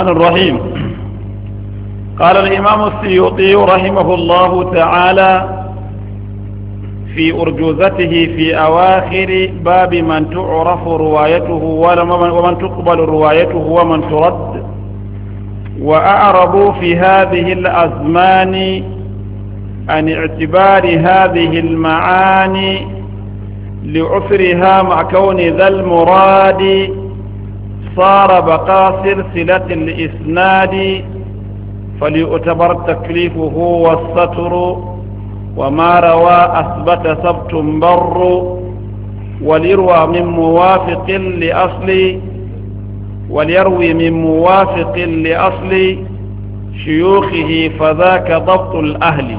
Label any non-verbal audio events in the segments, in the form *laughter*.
الرحمن الرحيم قال الإمام السيوطي رحمه الله تعالى في أرجوزته في أواخر باب من تعرف روايته ومن تقبل روايته ومن ترد وأعرضوا في هذه الأزمان عن اعتبار هذه المعاني لعسرها مع كون ذا المراد صار بقاء سلسلة الإسناد فليعتبر تكليفه والستر وما روى أثبت ثبت بر وليروى من موافق لأصل وليروي من موافق لأصل شيوخه فذاك ضبط الأهل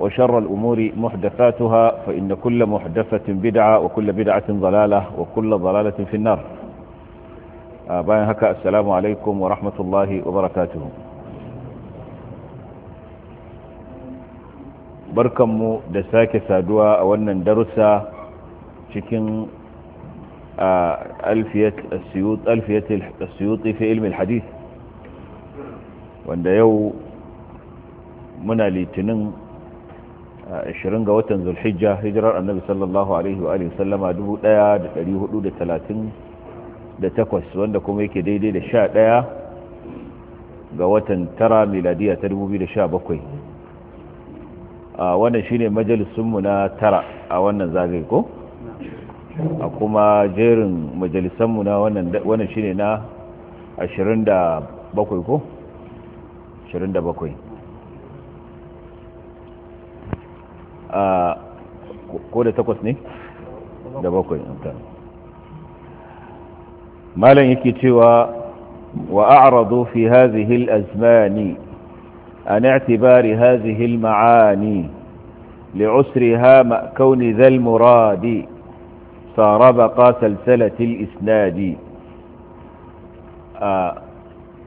وشر الأمور محدثاتها فإن كل محدثة بدعة وكل بدعة ضلالة وكل ضلالة في النار أبانا آه، هكا السلام عليكم ورحمة الله وبركاته barkanmu da sake saduwa ألفية السيوط ألفية cikin في علم الحديث hadith يو yau muna litinin 20 ga watan zulhijja hijirar annabi sallallahu alaihi wa sallama 1438 wanda kuma yake daidai da 11 ga watan tara miladiya ta 2017 wannan shine majalisunmu na tara a wannan zagaye ko a kuma jerin majalisanmu na wannan shine na 27 ko 27 ko da takwas ne da bakwai malam yake cewa وأعرضوا في هذه الأزمان عن اعتبار هذه المعاني لعسرها مع كون ذا المراد صار بقى سلسلة الإسناد آه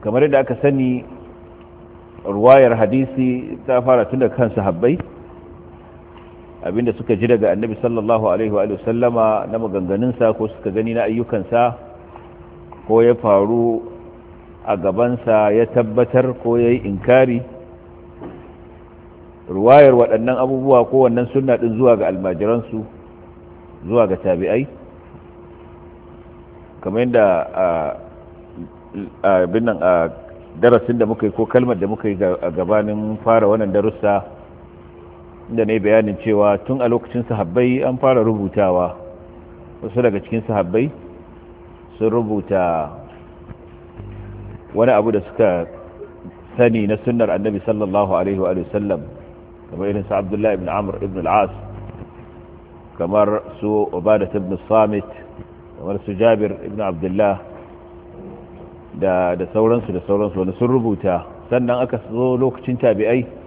كما رد أكسني رواية حديثي تأفارة كان هبيت abinda suka ji daga annabi sallallahu alaihi wa sallama na maganganunsa ko suka gani na ayyukansa ko ya faru a gabansa ya tabbatar ko ya yi inkari ruwayar waɗannan abubuwa ko wannan sunna ɗin zuwa ga almajiransu zuwa ga tabi'ai kamar yadda a a darasin da muka yi ko kalmar da muka yi a gabanin fara wannan darussa da na bayanin cewa tun a lokacin sahabbai an fara rubutawa wasu daga cikin sahabbai sun rubuta wani abu da suka sani na sunnar annabi sallallahu alaihi wa sallam kamar irin su abdullahi ibn amur ibn al'as kamar su ubadat ibn samit kamar su jabir ibn abdullah da sauransu da sauransu wani sun rubuta sannan aka zo lokacin tabi'ai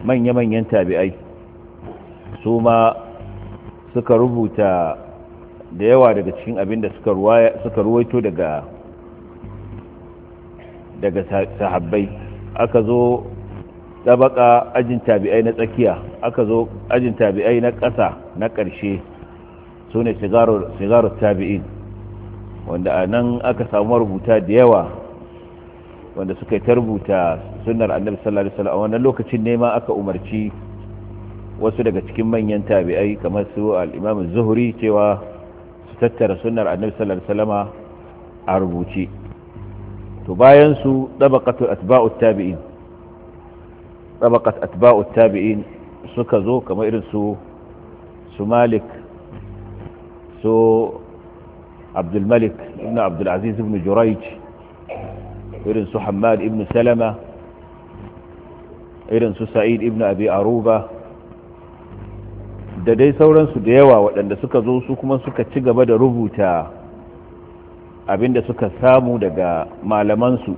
manya-manyan tabi'ai su ma suka rubuta da yawa daga cikin abin da suka ruwaito daga daga sahabbai aka zo tabaka ajin tabi'ai na tsakiya aka zo ajin tabi'ai na ƙasa na ƙarshe sune ne sigarar tabi'in wanda a nan aka samu rubuta da yawa wanda suka yi tarbuta sunnar annabi sallallahu alaihi wasallam wannan lokacin nema aka umarci wasu daga cikin manyan tabi'ai kamar su al-Imam Zuhri cewa su tattara sunnar annabi sallallahu alaihi wasallama a rubuce to bayan su tabaqatu atba'u tabi'in tabi'in suka zo kamar irin su su Malik su Abdul Malik ibn Abdul Aziz ibn irin su hamad ibn salama irin su sa'id ibn abi aruba da dai sauransu da yawa waɗanda suka zo su kuma suka ci gaba da rubuta abinda suka samu daga malamansu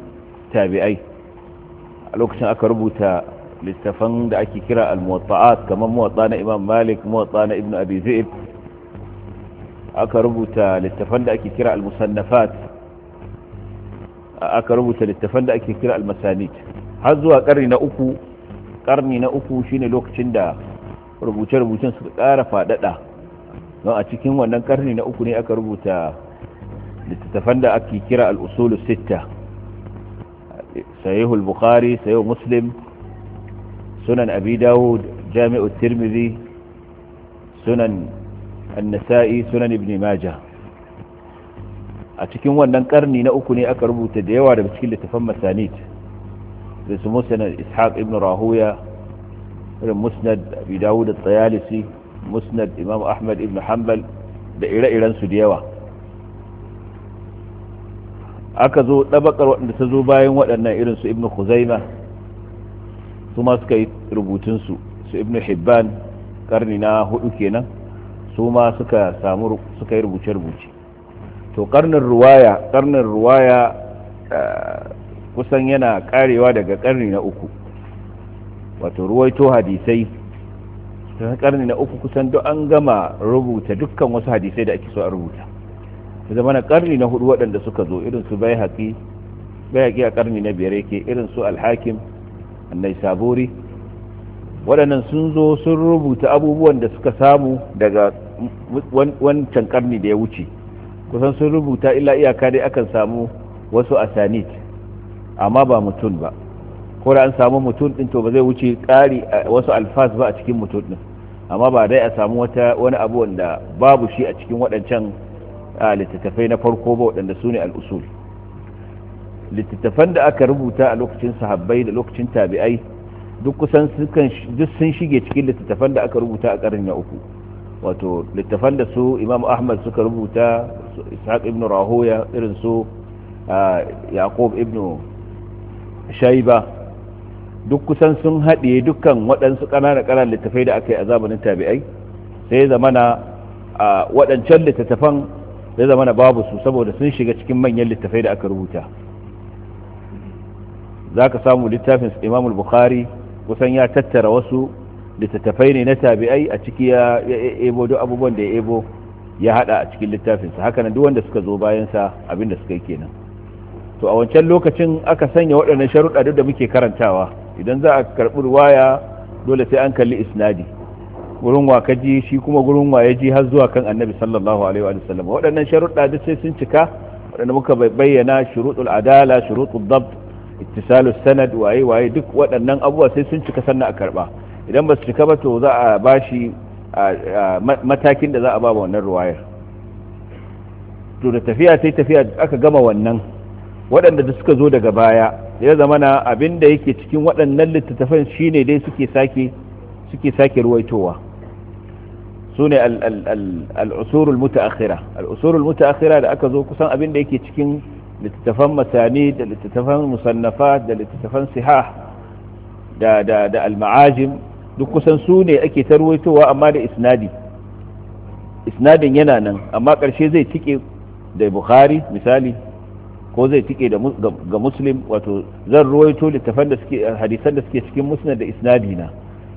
tabi'ai a lokacin aka rubuta littafan da ake kira al-muwatta'at kamar muwatta na imam malik muwatta na ibn abi zaid aka rubuta littafan da ake kira al-musannafat aka rubuta littafan da ake kira almasanid har zuwa karni na uku karni na uku shine lokacin da rubuce-rubucen suka ƙara faɗaɗa don a cikin wannan karni na uku ne aka rubuta littattafan da ake kira al'usulu sita sayihul bukhari sayihu muslim sunan abi dawud jami'u tirmidhi sunan annasa'i sunan ibn majah a cikin wannan karni na uku ne aka rubuta da yawa daga cikin littafan masanid da su musnad ishaq ibn rahuya irin musnad abu dawud at-tayalisi musnad imam ahmad ibn hanbal da ire-iren su da yawa aka zo dabakar waɗanda ta zo bayan waɗannan irin su ibn khuzaima su ma suka yi rubutun su su ibn hibban karni na hudu kenan su ma suka samu suka yi rubuce-rubuce to karnin ruwaya karnin ruwaya eh, kusan yana karewa daga karni na uku wato ruwaito hadisai ta karni na uku kusan duk an gama rubuta dukkan wasu hadisai da ake so a rubuta ta zama na karni na hudu waɗanda suka zo irin su bai haƙi bai haƙi a karni na biyar yake irin su alhakim annai sabori waɗannan sun zo sun rubuta abubuwan da suka samu daga wancan karni da ya wuce kusan sun rubuta illa iyaka dai akan samu wasu asanid amma ba mutum ba ko da an samu mutum din to ba zai wuce ƙari wasu alfas ba a cikin mutum din amma ba dai a samu wata wani abu wanda babu shi a cikin waɗancan littattafai na farko ba waɗanda su ne al'usul littattafan da aka rubuta a lokacin sahabbai da lokacin tabi'ai duk kusan duk sun shige cikin littattafan da aka rubuta a ƙarni na uku wato littattafan da su imam ahmad suka rubuta ishaq ibn rahoya irin su yaqub ibn shaiba duk kusan sun haɗe dukkan waɗansu ƙananan littattafai da aka yi a zamanin tabi'ai sai zamana a waɗancan littattafan sai zamana babu su saboda sun shiga cikin manyan littattafai da aka rubuta za ka samu littafin imam bukhari kusan ya tattara wasu littattafai ne na tabi'ai a ciki ya ebo duk abubuwan da ya ebo ya hada a cikin littafinsa nan duk wanda suka zo bayansa abinda suka yi kenan to a wancan lokacin aka sanya waɗannan sharuɗa duk da muke karantawa idan za a karɓi ruwaya dole sai an kalli isnadi gurin wa kaji shi kuma gurin wa ya ji har zuwa kan annabi sallallahu alaihi wa sallam waɗannan sharuɗa duk sai sun cika waɗanda muka bayyana shuruɗul adala shuruɗul dabt ittisalu sanad waye waye duk waɗannan abubuwa sai sun cika sannan a karɓa idan ba su cika ba to za a bashi matakin da za a ba wannan ruwayar to da tafiya sai tafiya aka gama wannan waɗanda da suka zo daga baya ya zama na abin da yake cikin waɗannan littattafan shine dai suke sake suke sake ruwaitowa su ne al'usurul mutaakhira al'usurul mutaakhira da aka zo kusan abin da yake cikin littattafan masani da littattafan musannafa da littattafan siha da da da duk kusan su ne ake tarwaitowa amma da isnadi isnadin yana nan amma ƙarshe zai tike da bukhari misali ko zai tike ga muslim wato zan ruwaito littafan da suke hadisan da suke cikin musnad da isnadi na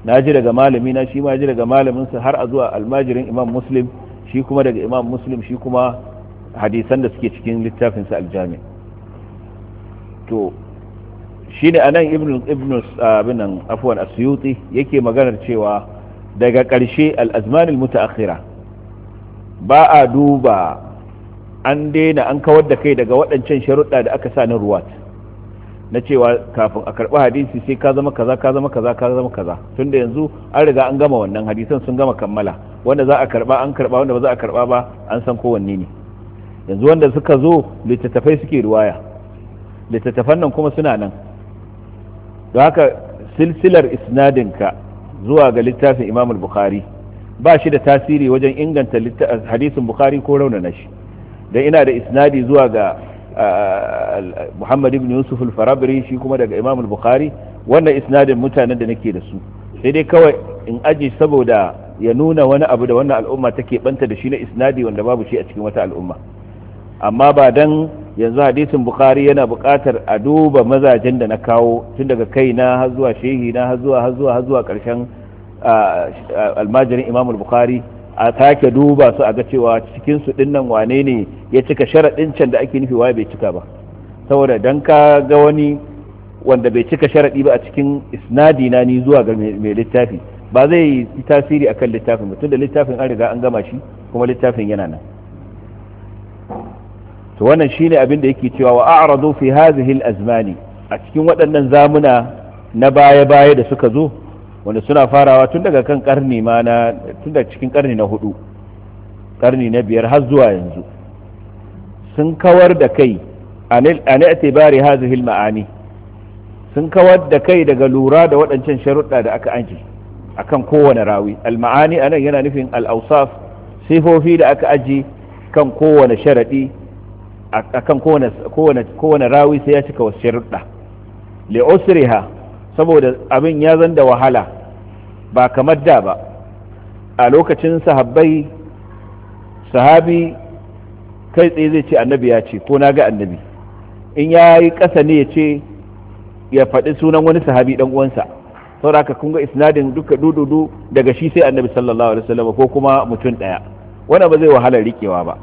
na ji daga malami na shi ma ji daga malamin sa har a zuwa almajirin imam muslim shi kuma daga imam muslim shi kuma hadisan da suke cikin littafin sa aljami to shine anan ibn ibn ah, abinan afwan asyuti yake maganar cewa daga ƙarshe al-azman al-mutaakhira ba a duba an daina an kawar da kai daga waɗancan sharuɗa da aka sa na ruwat na cewa kafin a karɓi hadisi sai ka zama kaza ka zama kaza ka zama kaza tunda yanzu an riga an gama wannan hadisan sun gama kammala wanda za a karɓa an karɓa wanda ba za a karɓa ba an san kowanne ne yanzu wanda suka zo littattafai suke ruwaya littattafan nan kuma suna nan don haka silsilar isnadinka zuwa ga littafin imam bukhari ba shi da tasiri wajen inganta hadisin bukhari ko raunana shi don ina da isnadi zuwa ga muhammad ibn yusuf al-farabri shi kuma daga imam bukhari wannan isnadin mutanen da nake da su sai dai kawai in aji saboda ya nuna wani abu da wannan al'umma take banta da shi na isnadi wanda babu shi a cikin wata al'umma amma ba dan yanzu hadisin bukari yana buƙatar a duba mazajen da na kawo tun daga kai na har zuwa shehi na har zuwa har zuwa har zuwa ƙarshen almajirin imam bukari a sake duba su a ga cewa cikin su dinnan wane ne ya cika sharaɗin can da ake nufi waye bai cika ba saboda dan ka ga wani wanda bai cika sharaɗi ba a cikin isnadi na ni zuwa ga mai littafi ba zai yi tasiri akan littafin tun da littafin an riga an gama shi kuma littafin yana nan to wannan shine abin da yake cewa wa a'radu fi hadhihi al-azmani a cikin waɗannan zamuna na baya-baya da suka zo wanda suna farawa tun daga kan karni ma na tun daga cikin karni na hudu karni na biyar har zuwa yanzu sun kawar da kai an i'tibari hadhihi al-ma'ani sun kawar da kai daga lura da waɗancan sharuɗa da aka aji akan kowane rawi al-ma'ani anan yana nufin al-awsaf sifofi da aka aji kan kowane sharadi akan kan kowane rawi sai ya cika wasu sharuɗa li usriha saboda abin ya zanda wahala ba kamar da ba a lokacin sahabbai sahabi kai tsaye zai ce annabi ya ce ko na ga annabi in ya yi ƙasa ne ya ce ya faɗi sunan wani sahabi ɗan uwansa saboda haka kun ga isnadin duka dududu daga shi sai annabi sallallahu alaihi wasallam ko kuma mutum ɗaya wannan ba zai wahala riƙewa ba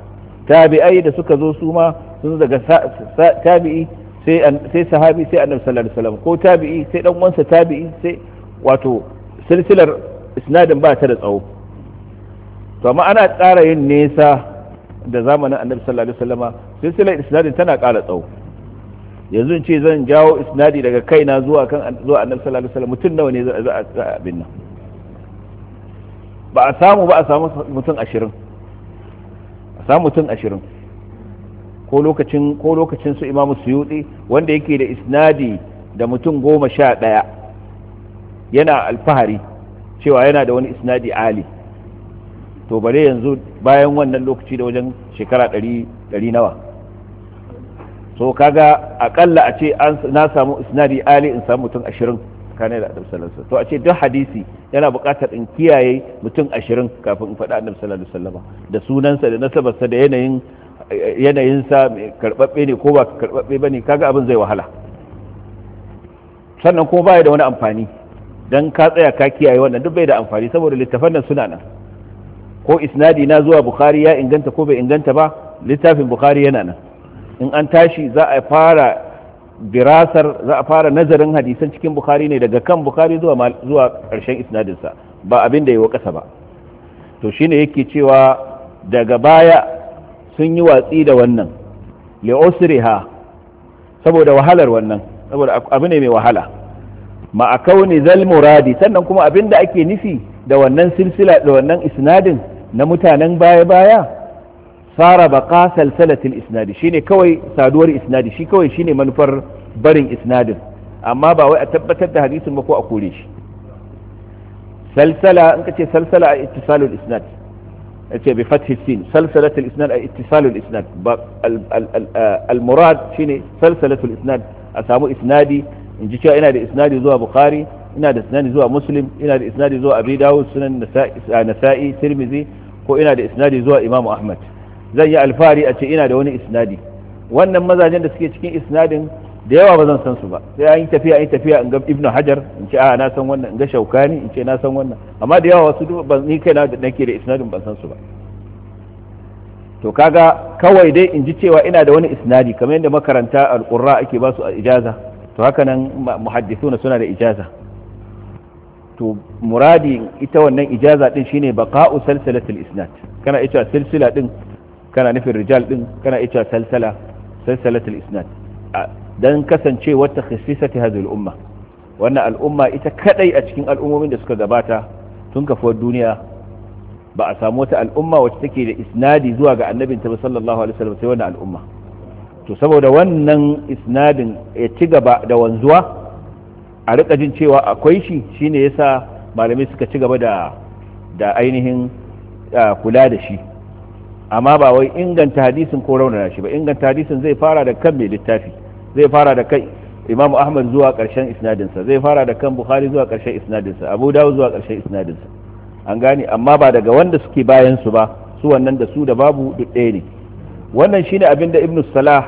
tabi'ai da suka zo su ma sun daga tabi'i sai sahabi sai annabi sallallahu alaihi wasallam ko tabi'i sai dan uwansa tabi'i sai wato silsilar isnadin ba ta da tsawo to amma ana ƙara yin nesa da zamanin annabi sallallahu alaihi wasallam silsilar isnadin tana ƙara tsawo yanzu ce zan jawo isnadi daga kaina zuwa kan zuwa annabi sallallahu alaihi wasallam mutum nawa ne za a abin nan ba a samu ba a samu mutum ashirin samu mutum ashirin ko lokacin ko lokacin su imamu suyuti wanda yake da isnadi da mutum goma sha ɗaya yana alfahari cewa yana da wani isnadi ali to bare yanzu bayan wannan lokaci da wajen shekara ɗari nawa so kaga aƙalla a ce na samu isnadi ali in samu mutum ashirin tsakanin da annabi sallallahu alaihi wasallam to a ce duk hadisi yana buƙatar in kiyaye mutum 20 kafin in faɗa annabi sallallahu alaihi wasallam da sunansa da nasabarsa da yanayin sa karɓaɓɓe ne ko ba karɓaɓɓe ba ne kaga abin zai wahala sannan kuma baya da wani amfani don ka tsaya ka kiyaye wannan duk bai da amfani saboda littafan nan suna nan ko isnadi na zuwa bukhari ya inganta ko bai inganta ba littafin bukhari yana nan in an tashi za a fara dirasar za a fara nazarin hadisan cikin bukhari ne daga kan bukhari zuwa ƙarshen isnadinsa ba abin da yi ƙasa ba to shine yake cewa daga baya sun yi watsi da wannan ha saboda wahalar wannan saboda abu ne mai wahala ma ma'a kauni zal muradi sannan kuma abin da ake nufi da wannan silsila da wannan isnadin na mutanen baya baya sara baqa salsalatil isnadi shine kawai saduwar isnadi shi kawai shine manufar barin isnadin amma ba wai a tabbatar da hadisin ba ko a kore shi salsala in kace salsala a ittisalul isnad yace bi fathi sin salsalatul isnad a ittisalul isnad ba al murad shine salsalatul isnad a samu isnadi in ji cewa ina da isnadi zuwa bukhari ina da isnadi zuwa muslim ina da isnadi zuwa abi dawud sunan nasa'i tirmizi ko ina da isnadi zuwa imamu ahmad zan yi alfahari a ce ina da wani isnadi wannan mazajen da suke cikin isnadin da yawa ba zan san su ba sai an yi tafiya an yi tafiya in ga ibnu hajar in ce a na san wannan in ga shaukani in ce na san wannan amma da yawa wasu ban ni kaina da nake da isnadin ban san su ba to kaga kawai dai in ji cewa ina da wani isnadi kamar yadda makaranta alqurra ake ba su ijaza to haka nan muhaddithuna suna da ijaza to muradi ita wannan ijaza din shine baqa'u salsalatul isnad kana ita silsila din kana nufin rijal din kana ita salsala salsalatul isnad dan kasance wata khisisati hadhihi umma wannan al'umma ita kadai a cikin al'ummomin da suka gabata tun kafuwar duniya ba a samu wata al'umma wacce take da isnadi zuwa ga annabin ta sallallahu alaihi wasallam sai wannan al'umma to saboda wannan isnadin ya ci gaba da wanzuwa a rika jin cewa akwai shi shine yasa malamai suka ci gaba da da ainihin kula da shi amma ba wai inganta hadisin ko raunana shi ba inganta hadisin zai fara da kan mai littafi zai fara da kai imam ahmad zuwa karshen isnadinsa zai fara da kan bukhari zuwa karshen isnadinsa abu dawud zuwa karshen isnadinsa an gane amma ba daga wanda suke bayan su ba su wannan da su da babu duk ɗaya ne wannan shine abin da ibnu salah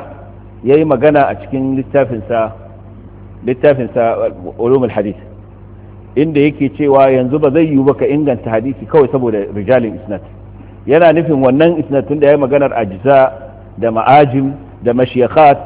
yayi magana a cikin littafinsa littafinsa uh, ulumul hadith inda yake cewa yanzu ba zai yiwu ba ka inganta hadisi kawai saboda rijalin isnad yana nufin wannan isnatun da ya maganar ajiza da ma'ajim da mashiyakhat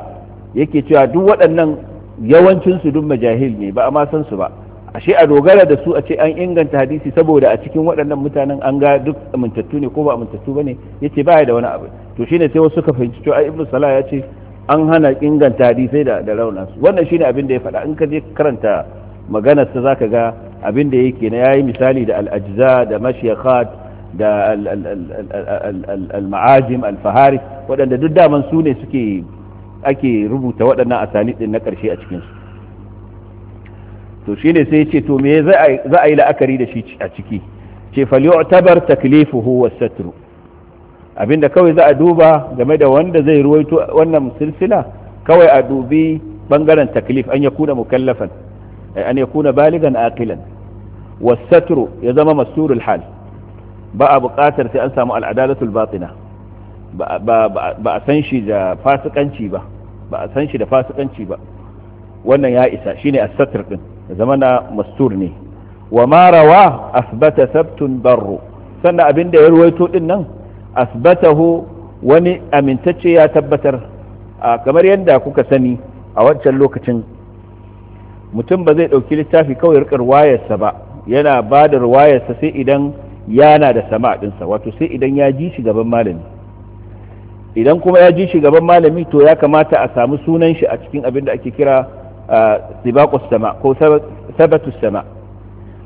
yake cewa duk waɗannan yawancinsu duk majahil ne ba a ma san su ba ashe a dogara da su a ce an inganta hadisi saboda a cikin waɗannan mutanen an ga duk amintattu ne ko ba amintattu bane yace baya da wani abu to shine sai wasu suka fahimci to ai ibnu sala ya ce an hana inganta hadisai da da rauna su wannan shine abin da ya faɗa in ka je karanta maganarsa sa zaka ga abin da yake na yayi misali da al-ajza da mashiyakhat da al-ma'ajim waɗanda duk daman su ne suke ake rubuta waɗannan asani ɗin na ƙarshe a cikinsu to shi ne sai ce to me za a yi la'akari da shi a ciki ce tabar taklifuhu was satru abinda kawai za a duba game da wanda zai ruwaito wannan silsila kawai a dubi bangaren taklif an yakuna mukallafan eh, an kuna baligan aqilan was ya zama masturul hal ba a buƙatar sai an samu al'adalatul batina ba a san shi da fasikanci ba ba a san shi da fasikanci ba wannan ya isa shine as-satr din zamana mastur ne wa ma rawa asbata sabtun barru sannan abin da ya ruwaito din nan asbatahu wani amintacce ya tabbatar kamar yadda kuka sani a wancan lokacin mutum ba zai ɗauki littafi kawai rikar wayarsa ba yana ba da ruwayarsa sai idan yana da sama a ɗinsa wato sai idan ya ji shi gaban malami idan kuma ya ji shi gaban malami to ya kamata a samu sunan shi a cikin abin da ake kira sibakus sama ko sabatus sama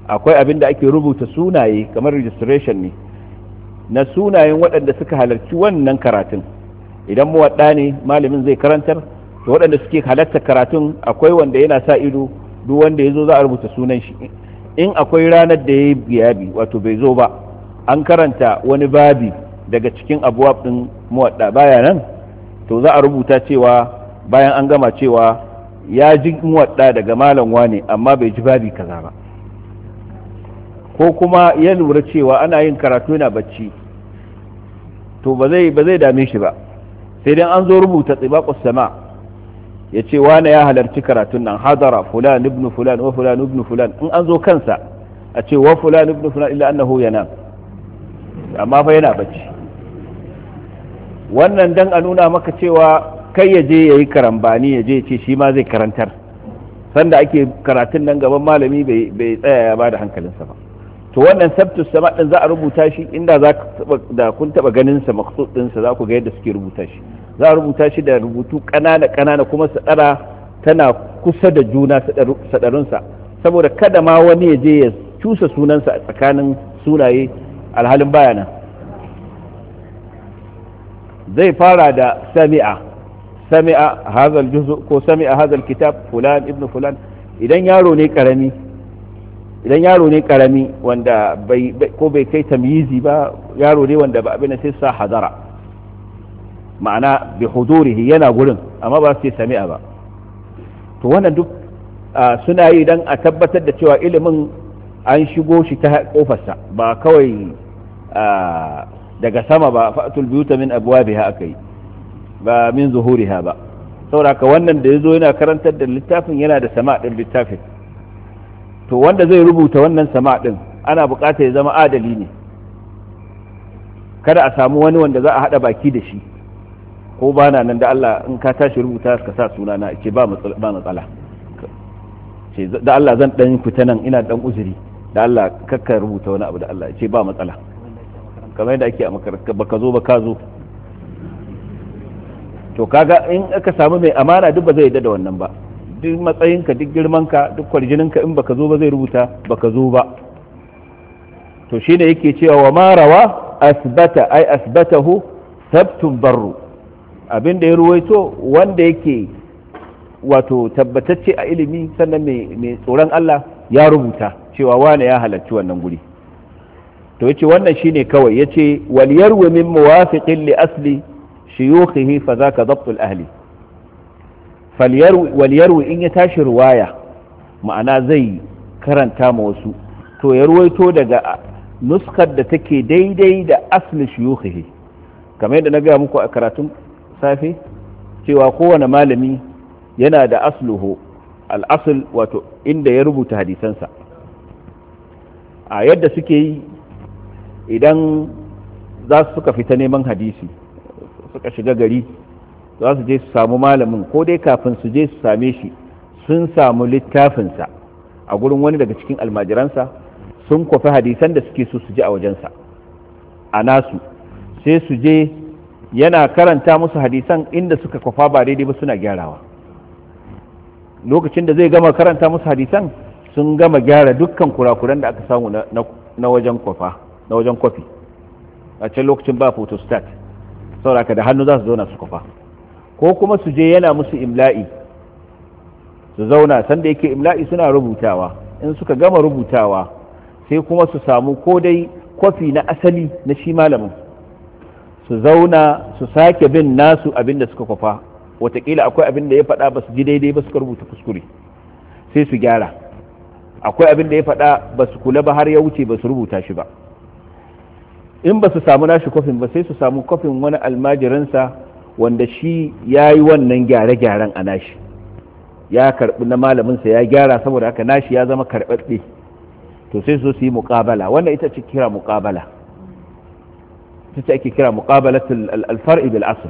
akwai abin da ake rubuta sunaye kamar registration ne na sunayen waɗanda suka halarci wannan karatun idan muwaɗa ne malamin zai karantar to waɗanda suke halarta karatun akwai wanda yana sa ido duk wanda ya zo za a rubuta sunan shi in akwai ranar da ya yi biyabi wato bai zo ba an karanta wani babi daga cikin abuwab ɗin muwadda baya nan to za a rubuta cewa bayan an gama cewa ya ji muwaɗa daga malam wane amma bai ji babi kaza ba ko kuma ya lura cewa ana yin karatu yana bacci to ba zai dame shi ba sai dai an zo rubuta tsibakus sama ya ce wane ya halarci karatun nan hadara fulan ibn fulan wa fulan ibn fulan in an zo kansa a ce wa fulan ibn fulan illa annahu yana amma fa yana bacci wannan dan a nuna maka cewa kai ya je yayi karambani ya je ce shi ma zai karantar sanda ake karatun nan gaban malami bai tsaya ya bada hankalinsa ba to wannan sabtus sama din za a rubuta shi inda za da kun taba ganin sa maksud din sa za ku ga yadda suke rubuta shi za a rubuta shi da rubutu ƙanana ƙanana kuma saɗara tana kusa da juna saɗarinsa saboda kada ma wani ya je ya cusa sunansa a tsakanin sunaye alhalin bayana zai fara da sami'a sami'a hazal juzu ko sami'a hazal kitab fulan ibnu fulan idan yaro ne karami idan yaro ne karami wanda bai ko bai kai tamyizi ba yaro ne wanda ba abin sai sa hadara ma'ana bi hudurihi yana gurin amma ba su ce sami'a ba to wannan duk suna yi dan a tabbatar da cewa ilimin an shigo shi ta kofarsa ba kawai daga sama ba fa'atul biyuta min abwabiha akai ba min zuhuriha ba saboda wannan da yazo yana karantar da littafin yana da sama din littafin to wanda zai rubuta wannan sama din ana bukata ya zama adali ne kada a samu wani wanda za a hada baki da shi ko ba na nan da Allah in ka tashi rubuta ka sa suna na ce ba matsala ce da Allah zan dan fita nan ina dan uzuri da Allah kakka rubuta wani abu da Allah ce ba matsala kamar yadda ake a makaranta ba ka zo ba ka zo to kaga in aka samu mai amana duk ba zai yadda da wannan ba duk matsayinka duk girmanka duk kwarjininka in baka zo ba zai rubuta baka zo ba to shine yake cewa wa marawa asbata ai asbatahu sabtun barru abin da ya ruwaito wanda yake wato tabbatacce a ilimi sannan mai tsoron Allah ya rubuta cewa wane ya halarci wannan guri to yace wannan shine kawai yace wal yarwi min muwafiqin li asli shuyukhihi fa zaka dabt al ahli wal yarwi in ya tashi ruwaya ma'ana zai karanta ma wasu to ya ruwaito daga nuskar da take daidai da asli shuyukhihi kamar yadda na gaya muku a karatun safe cewa kowane malami yana da asluhu al'asul wato inda ya rubuta hadisansa a yadda suke yi idan za su suka fita neman hadisi suka shiga gari za su je su samu malamin ko dai kafin su je su same shi sun samu littafinsa a gurin wani daga cikin almajiransa sun kwafi hadisan da suke so su ji a wajensa a nasu sai su je yana karanta musu hadisan inda suka kwafa ba daidai ba suna gyarawa lokacin da zai gama karanta musu hadisan sun gama gyara dukkan kurakuran da aka samu na wajen kwafa na wajen kwafi a can lokacin ba photostat sauraka da hannu za su zauna su kwafa ko kuma su je yana musu imla'i su zauna sanda yake imla'i suna rubutawa in suka gama rubutawa sai kuma su samu ko dai kwafi na asali na shi malamin su zauna su sake bin nasu abin da suka kwafa watakila akwai abin da ya faɗa ba su ji daidai ba suka rubuta kuskure sai su gyara akwai abin da ya faɗa ba su kula ba har ya wuce ba su rubuta shi ba in ba su samu nashi kofin ba sai su samu kofin wani almajiransa wanda shi ya yi wannan gyare-gyaren a nashi ya karɓi na malaminsa ya gyara saboda haka nashi ya zama karɓaɓɓe to sai su yi muƙabala wannan ita ce kira muƙabala ta ake kira muqabalatul alfar'i bil asl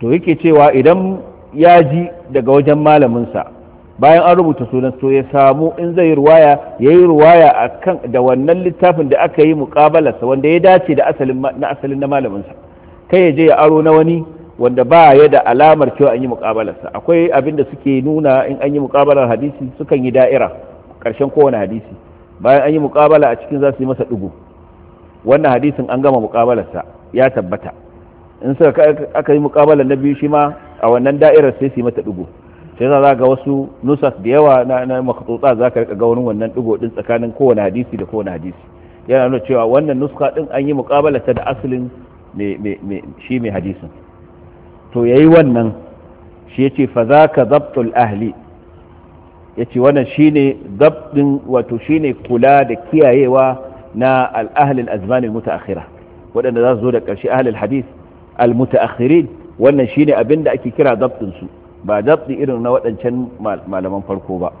to yake cewa idan ya ji daga wajen malaminsa bayan an rubuta sunan to ya samu in zai ruwaya ya yi ruwaya akan da wannan littafin da aka yi muƙabalarsa wanda ya dace da asalin na asalin na malaminsa kai ya je ya aro na wani wanda ba ya da alamar cewa an yi muƙabalarsa akwai abin da suke nuna in an yi muƙabalar hadisi sukan yi da'ira ƙarshen kowane hadisi bayan an yi muƙabala a cikin za su yi masa ɗugu wannan hadisin an gama mukabalarsa ya tabbata in suka aka yi mukabalar na biyu shi ma a wannan da'irar sai su mata digo sai za ga wasu nusas da yawa na na za ka rika ga wani wannan digo din tsakanin kowane hadisi da kowane hadisi yana nuna cewa wannan nuska din an yi mukabalarta da asalin shi mai hadisin to yayi wannan shi yace fa zaka zabtul ahli yace wannan shine zabtin wato shine kula da kiyayewa na al-ahlul azman al-mutaakhira waɗanda za su zo da ƙarshe ahlul hadith al-mutaakhirin wannan shine abin da ake kira dabtin su ba dabti irin na waɗancan malaman farko ba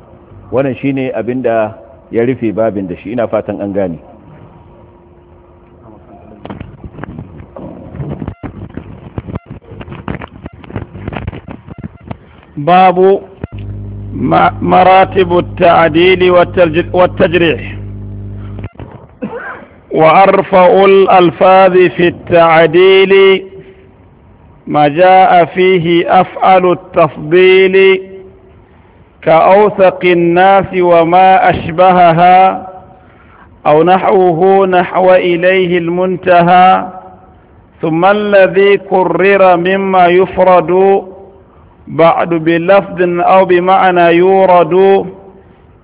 wannan shine abin da ya rufe babin da shi ina fatan an gane باب مراتب التعديل والتجريح وأرفع الألفاظ في التعديل ما جاء فيه أفعل التفضيل كأوثق الناس وما أشبهها أو نحوه نحو إليه المنتهى ثم الذي كرر مما يفرد بعد بلفظ أو بمعنى يورد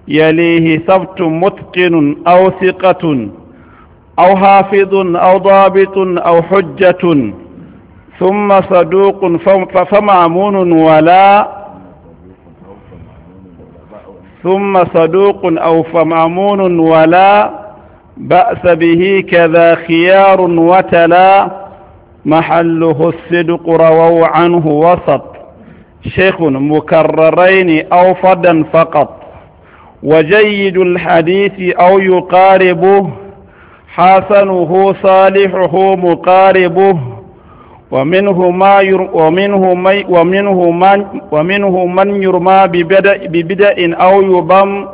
يليه ثبت متقن أو ثقة أو حافظ أو ضابط أو حجة ثم صدوق فمعمون ولا ثم صدوق أو فمعمون ولا بأس به كذا خيار وتلا محله الصدق رووا عنه وسط شيخ مكررين أو فدا فقط وجيد الحديث أو يقاربه حسنه صالحه مقاربه ومنه ما ير ومنه ما ومنه من ومنه من يرمى ببدء ببدء أو يبم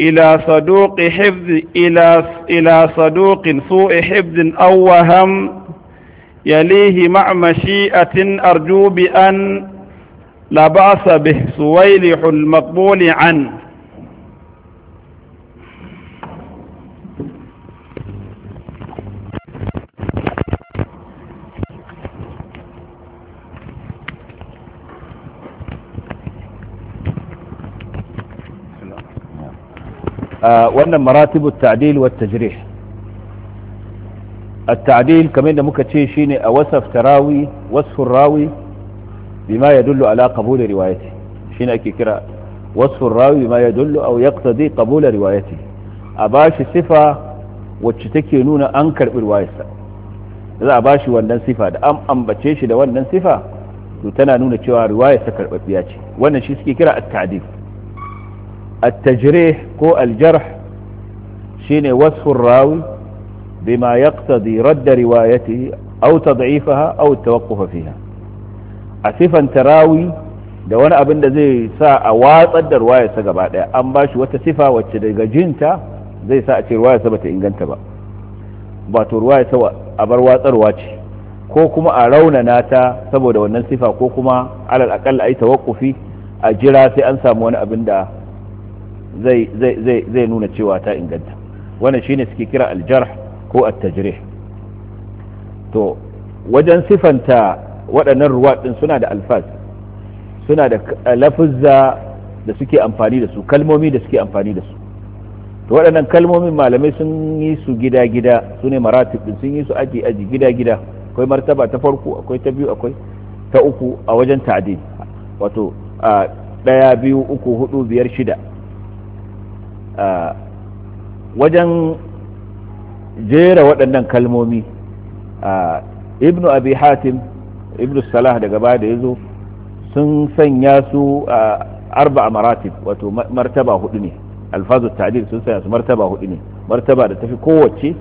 إلى صدوق حفظ إلى إلى صدوق سوء حفظ أو وهم يليه مع مشيئة أرجو بأن لا بأس به سويلح المقبول عنه wannan maratibu ta'dil wa tajrih at-ta'dil kamar da muka ce shine a wasaf tarawi wasf rawi bima yadullu ala qabul riwayati shine ake kira wasf rawi bima yadullu aw yaqtadi qabul riwayati a bashi sifa wacce take nuna an karbi riwayarsa za a bashi wannan sifa da an ambace shi da wannan sifa to tana nuna cewa riwayarsa karbabbiya ce wannan shi suke kira at-ta'dil التجريح كو الجرح شين وصف الراوي بما يقتضي رد روايته أو تضعيفها أو التوقف فيها أسفا تراوي da wani abin da zai sa a watsar da ruwayarsa gaba ɗaya an ba shi wata sifa wacce daga jinta zai sa a ce ruwayarsa bata inganta ba ba to ruwayarsa a bar watsarwa ce ko kuma a raunana ta saboda wannan sifa ko kuma alal akalla ai tawakkufi a jira sai an samu wani abin da zai nuna cewa ta inganta wannan shine suke kira aljarh ko at-tajrih to wajen sifanta waɗannan ruwaɗin suna da alfaz suna da lafuzza da suke amfani da su kalmomi da suke amfani da su to waɗannan kalmomin malamai sun yi su gida-gida su ne maratib sun yi su aji aji gida-gida akwai martaba ta farko akwai ta biyu akwai ta uku a wajen ta'adil wato ɗaya biyu uku hudu biyar shida wajen jera waɗannan kalmomi ibnu abi hatim ibnu salah daga baya da ya zo sun sanya su arba a maratib wato martaba hudu ne alfazu ta'adil sun sanya su martaba hudu ne martaba da tafi kowace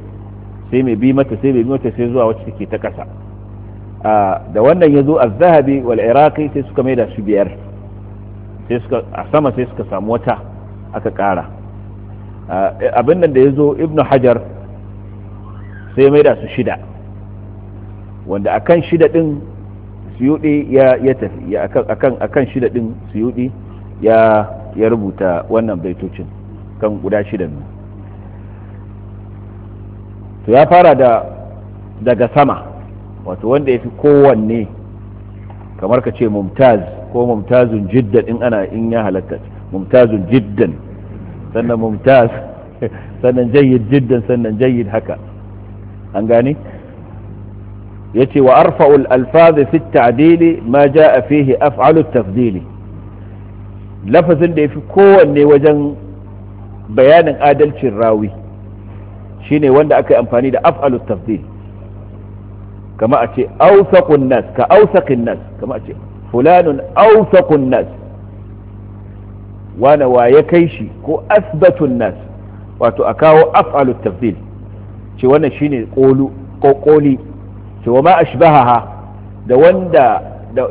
sai mai bi mata sai mai bi mata sai zuwa wacce take ta kasa da wannan ya zo a zahabi wal iraqi sai suka maida su biyar a sama sai suka samu wata aka ƙara. Eh, abin nan da ya zo ibn hajar sai mai da su shida wanda akan shida din suyudi ya tafi akan shida din suyudi ya ya rubuta wannan baitocin kan guda shida ne to ya fara da daga sama wato wanda ya fi kowanne kamar ka ce mumtaz ko mumtazun jiddan in ana in ya halatta mumtazun jiddan sannan mumtaz sannan jayyid jiddan sannan jayyid haka an gane yace wa arfa'u al-alfaz fi at-ta'dil ma jaa fihi af'alu at-tafdil lafazin da yafi kowanne wajen bayanin adalcin rawi shine wanda aka yi amfani da af'alu at-tafdil kama a ce awsaqun nas ka awsaqin nas kama a ce fulanun awsaqun nas wane wa ya kai shi ko asbatun nas wato a kawo af'alut tafdil ce wannan shine qolu ko ce wa ma ashbahaha da wanda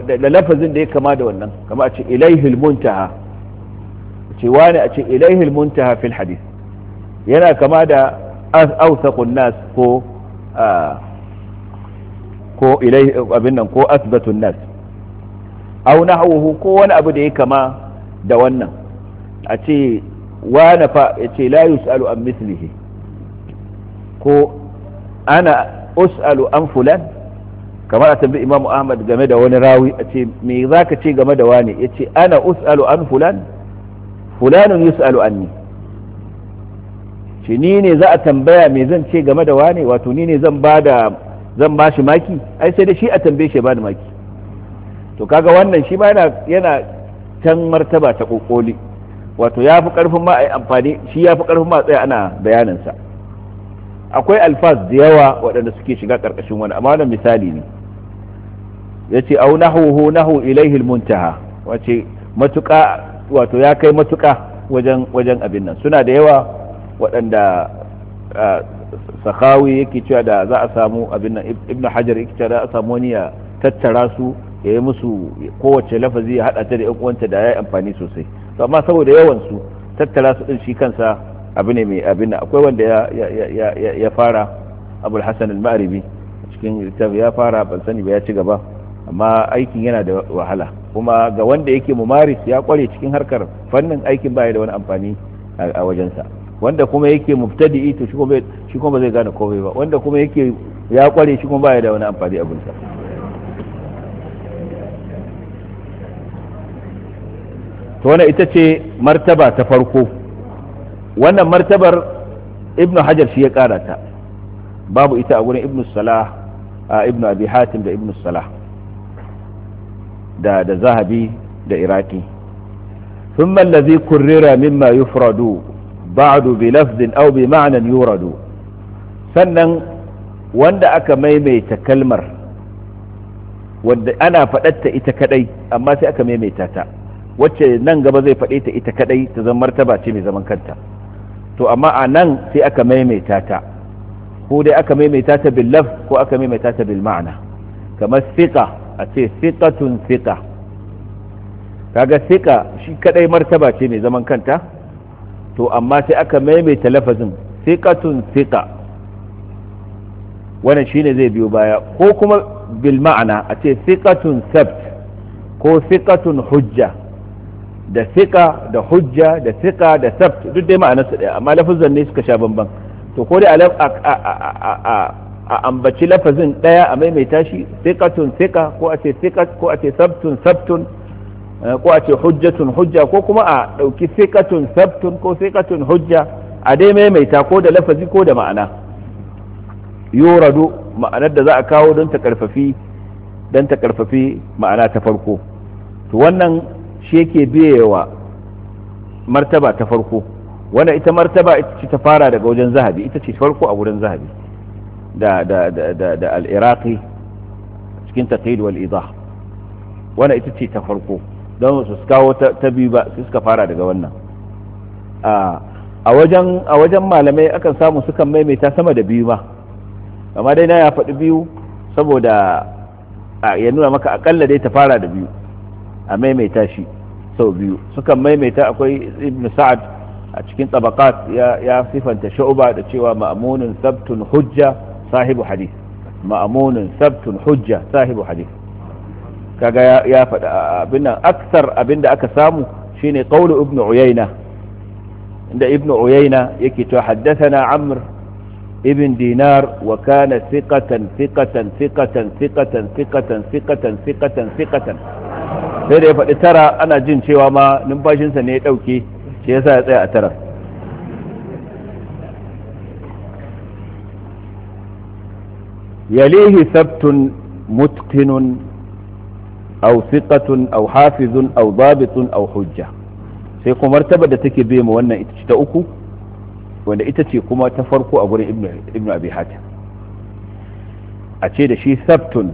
da lafazin da ya kama da wannan kama a ce ilaihil muntaha ce wane a ce ilaihil muntaha fil hadith yana kama da awsaqun nas ko ko ilai abin nan ko asbatun nas aw nahwuhu ko wani abu da ya kama da wannan a ce wane fa ya ce la yus'alu an mislihi ko ana us'alu an fulan kamar a tambayi imamu ahmad game da wani rawi a ce me za ka ce game da wani ya ce ana us'alu an fulan fulanun yus'alu anni ce ni ne za a tambaya me zan ce game da wani wato ni ne zan ba da zan ba shi maki ai sai da shi a tambaye shi ba da maki to kaga wannan shi ma yana can martaba ta kokoli wato ya fi karfin ma a yi amfani shi ya fi karfin ma tsaya ana bayaninsa akwai alfaz da yawa waɗanda suke shiga ƙarƙashin wani amma wannan misali ne ya ce au ilai nahu ilaihi muntaha wace matuƙa wato ya kai matuƙa wajen abin nan suna da yawa waɗanda sahawi yake cewa da za a samu abin nan ibnu hajar yake cewa da za a samu wani ya tattara su ya yi musu kowace lafazi ya haɗa ta da 'yan uwanta da ya yi amfani sosai to amma saboda yawan su tattara su ɗin shi kansa abu ne mai abin akwai wanda ya fara abul hassan al maaribi cikin littafi ya fara ban sani ba ya ci gaba amma aikin yana da wahala kuma ga wanda yake mumaris ya kware cikin harkar fannin aikin baya da wani amfani a wajensa wanda kuma yake mubtadi to shi kuma zai gane komai ba wanda kuma yake ya kware shi kuma baya da wani amfani a abinsa to wannan ita ce martaba ta farko wannan martabar ibnu hajar shi ya kara ta babu ita a gurin ibnu salah a ibnu abi hatim da ibnu salah da da zahabi da iraki ثم الذي كرر مما يفرد بعد بلفظ أو بمعنى يورد sannan wanda aka maimaita kalmar wanda ana faɗatta ita kadai amma sai aka maimaita ta wacce nan gaba zai faɗe ta ita kadai ta zama martaba ce mai zaman kanta to amma a nan sai aka maimaita ta ko dai aka maimaita ta bil laf ko aka maimaita ta bil ma'ana kamar siqa a ce siqatun siqa kaga siqa shi kadai martaba ce mai zaman kanta to amma sai aka maimaita lafazin siqatun siqa wannan shine zai biyo baya ko kuma bil ma'ana a ce siqatun sabt ko siqatun hujja da siƙa da hujja da fiqa da sabt duk dai ma'anar su amma lafazin ne suka sha bamban to ko dai a ambaci lafazin ɗaya a maimaita shi fiqatun fiqa ko a ce fiqat ko a ce sabtun sabtun eh, ko a ce hujjatun hujja ko kuma a dauki fiqatun sabtun ko fiqatun hujja a dai maimaita ko da lafazi ko da ma'ana yoradu ma'anar da za a kawo don ta karfafi ma'ana ta farko to wannan shi yake biyewa martaba ta farko wannan ita martaba ita ce ta fara daga wajen zahabi ita ce farko a wurin zahabi da da da da al-iraqi cikin taqid wal idah wannan ita ce ta farko don su kawo ta biyu ba su suka fara daga wannan a wajen a wajen malamai akan samu sukan maimaita sama da biyu ba amma dai na ya faɗi biyu saboda ya nuna maka akalla dai ta fara da biyu a maimaita shi sau biyu sukan maimaita akwai ibn sa'ad a cikin tabaqat ya sifanta shu'ba da cewa maamunin sabtun hujja sahibu hadith maamunin sabtun hujja sahibu hadith kaga ya faɗa abin nan aksar abin da aka samu shine qawlu ibn uyayna inda ibn uyayna yake cewa haddathana amr ابن دينار وكان ثقة ثقة ثقة ثقة ثقة ثقة ثقة ثقة ثقة sai da ya faɗi tara ana jin cewa ma numfashinsa ne ya ɗauke shi sa ya tsaya a tara yalihi sabtun mutkinun aw siqatun aw hafizun aw dabitun aw hujja sai kuma martaba da take bai mu wannan ita ce ta uku wanda ita ce kuma ta farko a gurin ibnu abi hatim a ce da shi sabtun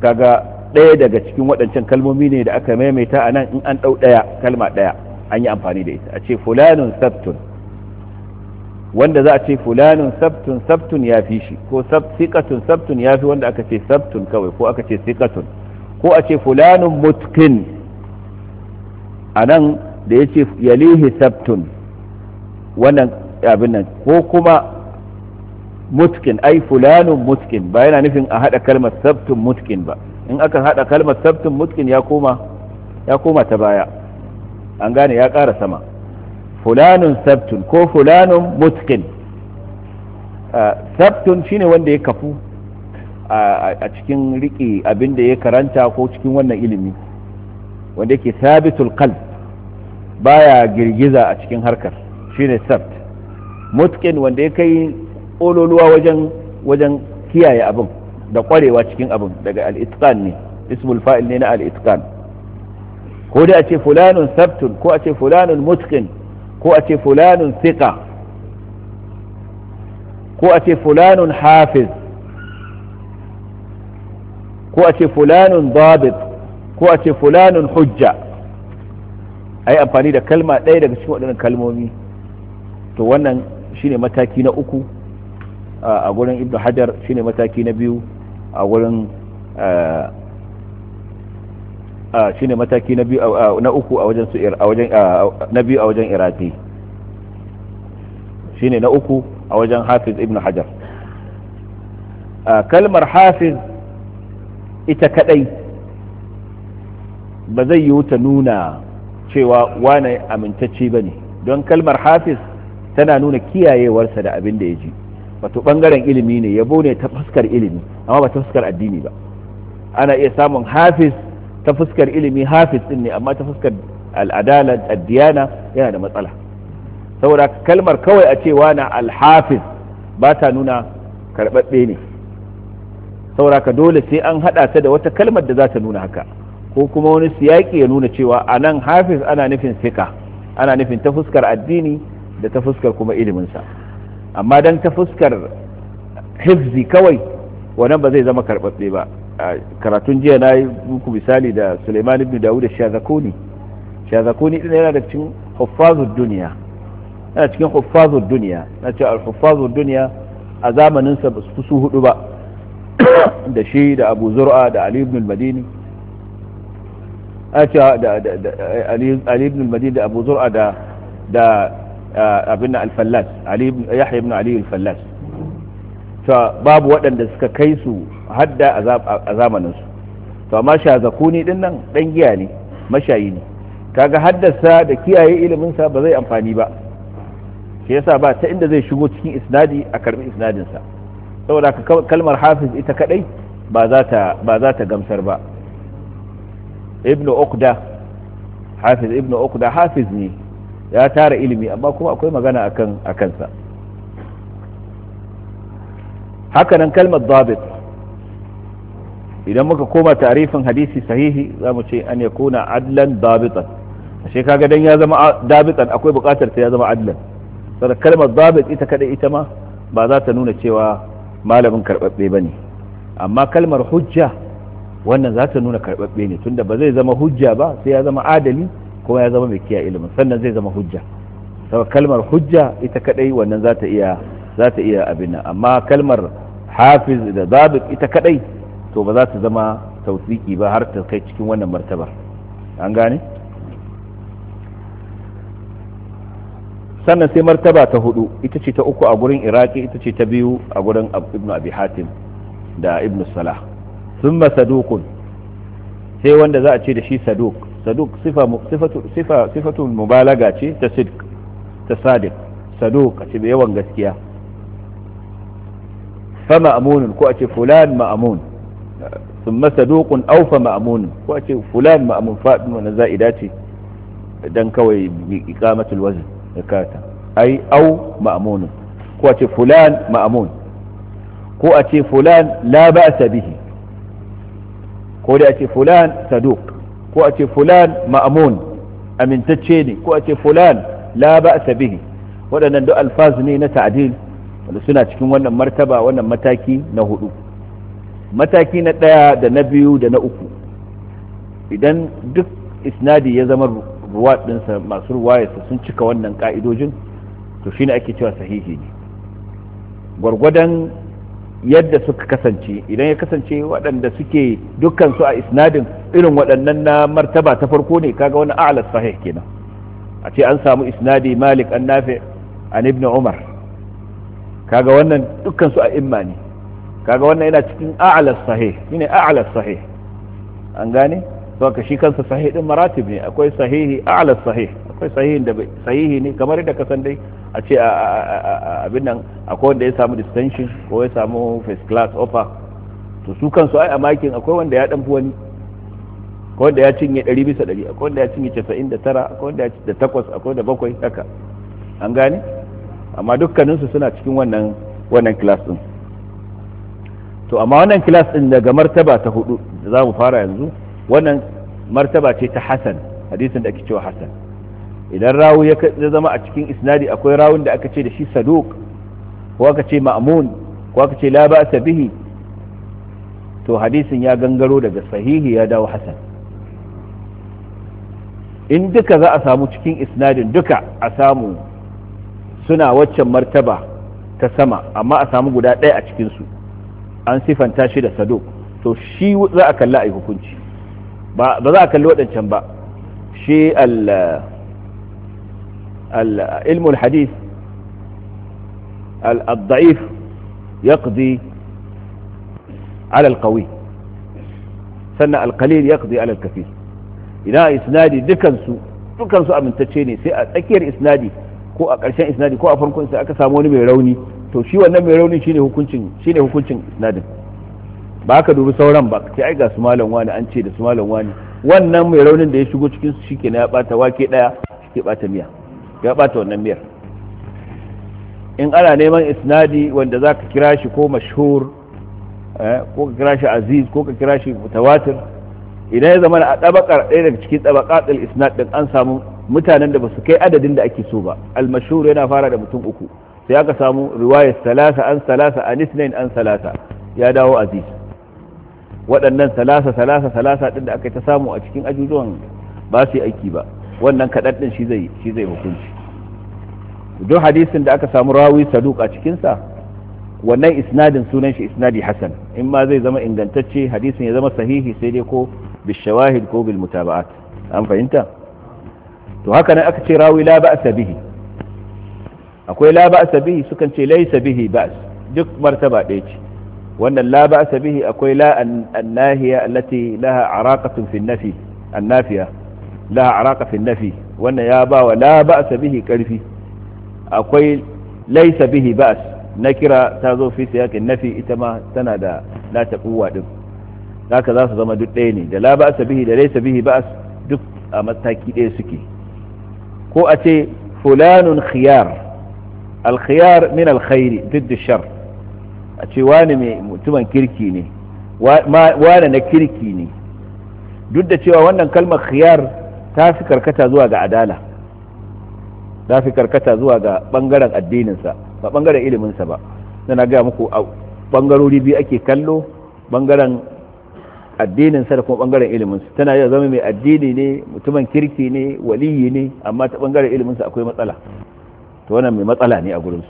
kaga ɗaya daga cikin waɗancan kalmomi ne da aka maimaita a nan in an ɗau ɗaya kalma ɗaya an yi amfani da ita a ce fulanun sabtun wanda za a ce fulanun sabtun sabtun ya fi shi ko sikatun sabtun ya fi wanda aka ce sabtun kawai ko aka ce sikatun ko a ce fulanun mutkin a nan da ya ce yalihi sabtun wannan abin nan ko kuma mutkin ai fulanun mutkin ba yana nufin a haɗa kalmar sabtun mutkin ba in aka hada kalmar sabtin mutkin ya koma ya koma ta baya an gane ya ƙara sama fulanun sabtun ko fulanun mutkin sabtun shine wanda ya kafu a cikin riƙe abinda ya karanta ko cikin wannan ilimi wanda yake sabitul kal baya girgiza a cikin harkar shine sabt mutkin wanda ya kai ololuwa wajen kiyaye abin da kwarewa cikin abin daga al ne ismul fa'il ne na al ko dai a ce fulanun sabtun ko a ce fulanun mutkin, ko a ce fulanun thiqa ko a ce fulanun hafiz ko a ce fulanun babit, ko a ce fulanun hujja a yi amfani da kalma ɗaya daga cikin waɗannan kalmomi to wannan shine mataki na uku a gurin Ibn hajar shine mataki na biyu a wurin eh, eh, shi ne mataki eh, na uku a wajen su na biyu a wajen iraki shi ne na uku a wajen hafiz ibn hajar kalmar hafiz ita kadai ba zai yi ta nuna cewa wane amintacci ba ne don kalmar hafiz tana nuna kiyayewarsa da abin da ya ji wato bangaren ilimi ne yabo ne ta fuskar ilimi amma ba ta fuskar addini ba ana iya samun hafiz ta fuskar ilimi hafiz din ne amma ta fuskar al'adala addiyana yana da matsala saboda kalmar kawai a cewa na alhafiz ba ta nuna karɓaɓɓe ne saboda ka dole sai an haɗa ta da wata kalmar da za ta nuna haka ko kuma wani siyaki ya nuna cewa a nan hafiz ana nufin sika ana nufin ta fuskar addini da ta fuskar kuma iliminsa amma dan ta fuskar hifzi kawai wannan ba zai zama karɓaɓɓe ba karatun jiya na yi muku misali da suleiman ibn dawud da shazakoni shazakoni din yana da cikin huffazud duniya yana cikin huffazud duniya na ce al-huffazud duniya a zamanin sa ba su su hudu ba *coughs* da shi da abu zur'a da ali ibn al-madini a ce da ali ibn al-madini da abu zur'a da da abin al alfallas yahya ibn ali alfallas to babu waɗanda suka kai su hadda a zamanin su to amma shazakuni din nan dan giya ne mashayi ne kaga haddasa da kiyaye ilimin sa ba zai amfani ba shi yasa ba ta inda zai shigo cikin isnadi a karbi isnadin sa saboda kalmar hafiz ita kadai ba za ta ba za ta gamsar ba ibnu ukda hafiz ibnu ukda hafiz ne ya tara ilimi amma kuma akwai magana akan akansa haka nan kalmar dabit idan muka koma tarifin hadisi sahihi za mu ce an ya kuna adlan dabitan ashe kaga dan ya zama dabitan akwai bukatar ta ya zama adlan sada kalmar zabit ita kadai ita ma ba za ta nuna cewa malamin karbabbe ne amma kalmar hujja wannan za ta nuna karbabbe ne tunda ba zai zama hujja ba sai ya zama adali kuma ya zama mai kiyaye ilimin sannan zai zama hujja saboda kalmar hujja ita kadai wannan za ta iya za ta iya abin nan amma kalmar hafiz da zabit ita kadai to ba za ta zama tausiki ba har ta kai cikin wannan martabar an gane sannan sai martaba ta hudu ita ce ta uku a gurin iraki ita ce ta biyu a gurin ibnu abi hatim da ibnu salah sun sadukun sai wanda za a ce da shi saduk saduk sifatun mubalaga ce ta sadiq saduk a ce da yawan gaskiya fa ma'amunin ko a ce fulan ma'amun ثم صدوق او فمأمون واتي فلان مأمون فاء من زائدة دان كوي بإقامة الوزن كاتا أي أو مأمون واتي فلان مأمون واتي فلان لا بأس به واتي فلان صدوق ko a ce fulan ma'amun amintacce ne ko a ce fulan la ba'sa bihi waɗannan duk alfaz ne na ta'dil wanda suna cikin wannan martaba wannan mataki na hudu mataki na ɗaya da na biyu da na uku idan duk isnadi ya zama ruwa ɗinsa masu ruwayarsa sun cika wannan ƙa'idojin to shine ake cewa sahihi ne gwargwadon yadda suka kasance idan ya kasance waɗanda suke dukansu a isnadin irin waɗannan na martaba ta farko ne kaga wani a'la sahih kenan a ce an samu isnadi malik an nafi an ibn umar kaga wannan dukkan su a imma ne kaga wannan yana cikin a'la sahih shine a'la sahih an gane ka shi kansa sahih din maratib ne akwai sahihi a'la sahih akwai sahihin da sahihi ne kamar yadda ka san dai a ce abin nan akwai wanda ya samu distinction ko ya samu first class offer to su kansu ai a makin akwai wanda ya dan fi wani akwai wanda ya cinye 100 bisa 100 akwai wanda ya cinye 99 akwai wanda ya cinye 8 akwai da 7 haka an gane amma dukkaninsu suna cikin wannan wannan class din to amma wannan class din daga martaba ta hudu da za mu fara yanzu wannan martaba ce ta hasan hadisin da ake cewa hasan idan rawu ya zama a cikin isnadi akwai rawun da aka ce da shi saduq ko aka ce ma'mun ko aka ce la ba'sa bihi to hadisin ya gangaro daga sahihi ya dawo hasan in duka za a samu cikin isnadin duka a samu suna waccan martaba ta sama amma a samu guda ɗaya a cikinsu an sifanta shi da sado to shi za a kalla a yi hukunci ba za a kalli waɗancan ba shi al hadith al-da'if yaqdi ala al sannan al-qalil yaqdi ala al idan a isnadi dukansu dukansu amintacce ne sai a tsakiyar isnadi ko a ƙarshen isnadi ko a farkon sai aka samu wani mai rauni to shi wannan mai rauni shine hukuncin shine hukuncin isnadin ba ka dubi sauran ba sai ai ga su malam wani an ce da su malam wani wannan mai raunin da ya shigo cikin su shike ya bata wake daya shike bata miya ya bata wannan miyar in ana neman isnadi wanda zaka kira shi ko mashhur eh, ko ka kira shi aziz ko ka kira shi mutawatir idan ya zama a tabakar ɗaya daga cikin tabaqatul isnad din an samu mutanen da ba su kai adadin da ake so ba al yana fara da mutum uku sai aka samu riwaya salasa an salasa an isnain an salasa ya dawo aziz waɗannan salasa salasa salasa din da aka ta samu a cikin ajujuwan ba su aiki ba wannan kaɗan ɗin shi zai shi zai hukunci duk hadisin da aka samu rawi saduk a cikin sa wannan isnadin sunan shi isnadi hasan in ma zai zama ingantacce hadisin ya zama sahihi sai dai ko bishawahid ko bil mutaba'at an fahimta to haka aka ce rawi la ba'sa akwai la ba'sa sukan ce laysa bihi ba's duk martaba ɗaya ce wannan la ba'sa akwai la annahiya allati laha araqatun fi wannan ya bawa wa la karfi akwai laysa bihi ba's nakira ta zo fi ita ma tana da la taquwa ɗin. haka za su zama duk ɗaya ne da la ba'sa bihi da laysa bihi ba'as duk a mataki ɗaya suke ko a ce fulanun khiyar alkhiyar min alkhairi duk da shar a ce wani mai mutumin kirki ne wani na kirki ne duk da cewa wannan kalmar khiyar ta fi karkata zuwa ga adala ta fi karkata zuwa ga bangaren addininsa ba bangaren iliminsa ba na gaya muku a bangarori biyu ake kallo bangaren addinin sa da kuma bangaren ilimin sa tana iya zama mai addini ne mutumin kirki ne waliyi ne amma ta bangaren ilimin sa akwai matsala to wannan mai matsala ne a gurin su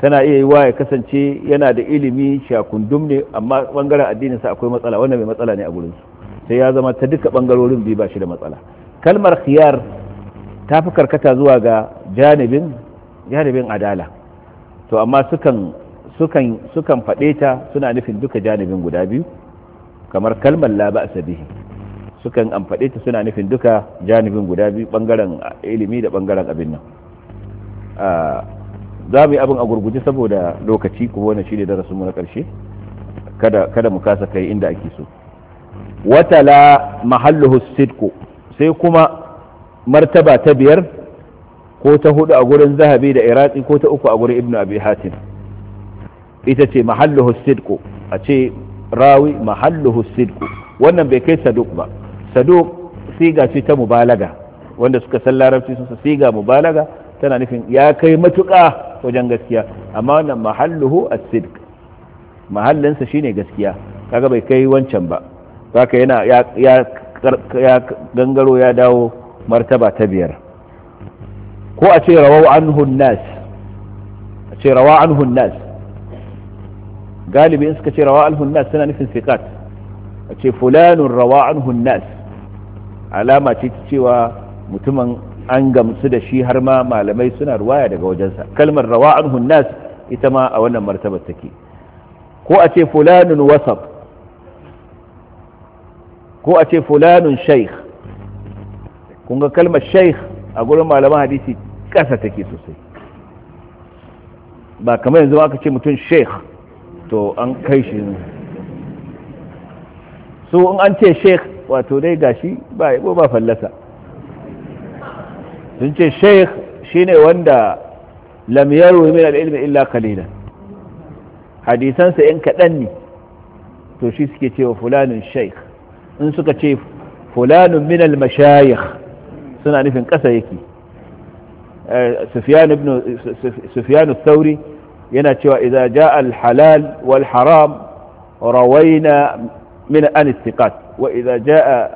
tana iya yi wa kasance yana da ilimi shakundum ne amma bangaren addinin sa akwai matsala wannan mai matsala ne a gurin su sai ya zama ta duka bangarorin biyu ba shi da matsala kalmar khiyar ta fi karkata zuwa ga janibin janibin adala to amma sukan sukan sukan faɗe ta suna nufin duka janibin guda biyu kamar kalmar la ba'sa bihi sukan amfade ta suna nufin duka janibin guda biyu bangaren ilimi da bangaren abin nan za mu yi abin a gurguje saboda lokaci kuma wannan shine darasin mu na karshe kada kada mu kasa kai inda ake so watala mahalluhu sidku sai kuma martaba ta biyar ko ta hudu a gurin zahabi da iraki ko ta uku a gurin ibnu abi hatim ita ce mahalluhu sidku a ce rawi mahalluhu sidku wannan bai kai saduq ba saduq siga ce ta mubalaga wanda suka san larabci sun siga mubalaga tana nufin ya kai matuƙa wajen gaskiya amma wannan mahalluhu as-sidq mahallinsa shine gaskiya kaga bai kai wancan ba zaka yana ya ya gangaro ya dawo martaba ta biyar ko a ce rawau anhu nas a ce rawa anhu nas galibi suka ce rawa anhu nas suna nufin siqat a ce fulanun rawa anhu nas alama ce ta cewa mutumin an gamsu da shi har ma malamai suna ruwaya daga wajensa kalmar rawa anhu nas ita ma a wannan martabar take ko a ce fulanun wasaf ko a ce fulanun shaikh kun ga kalmar shaikh a gurin malaman hadisi ƙasa take sosai ba kamar yanzu aka ce mutum sheikh an kai shi su in an ce sheikh wato dai gashi ba yabo ba fallasa sun ce sheikh shine wanda lam yarwi min al-ilmi illa qalilan hadisansa in kaɗan ne to shi suke cewa fulanin sheikh in suka ce fulanin min al suna nufin ƙasa yake eh, sufyan sauri yana cewa idza jaa al halal wal haram rawaina min al istiqat wa idza jaa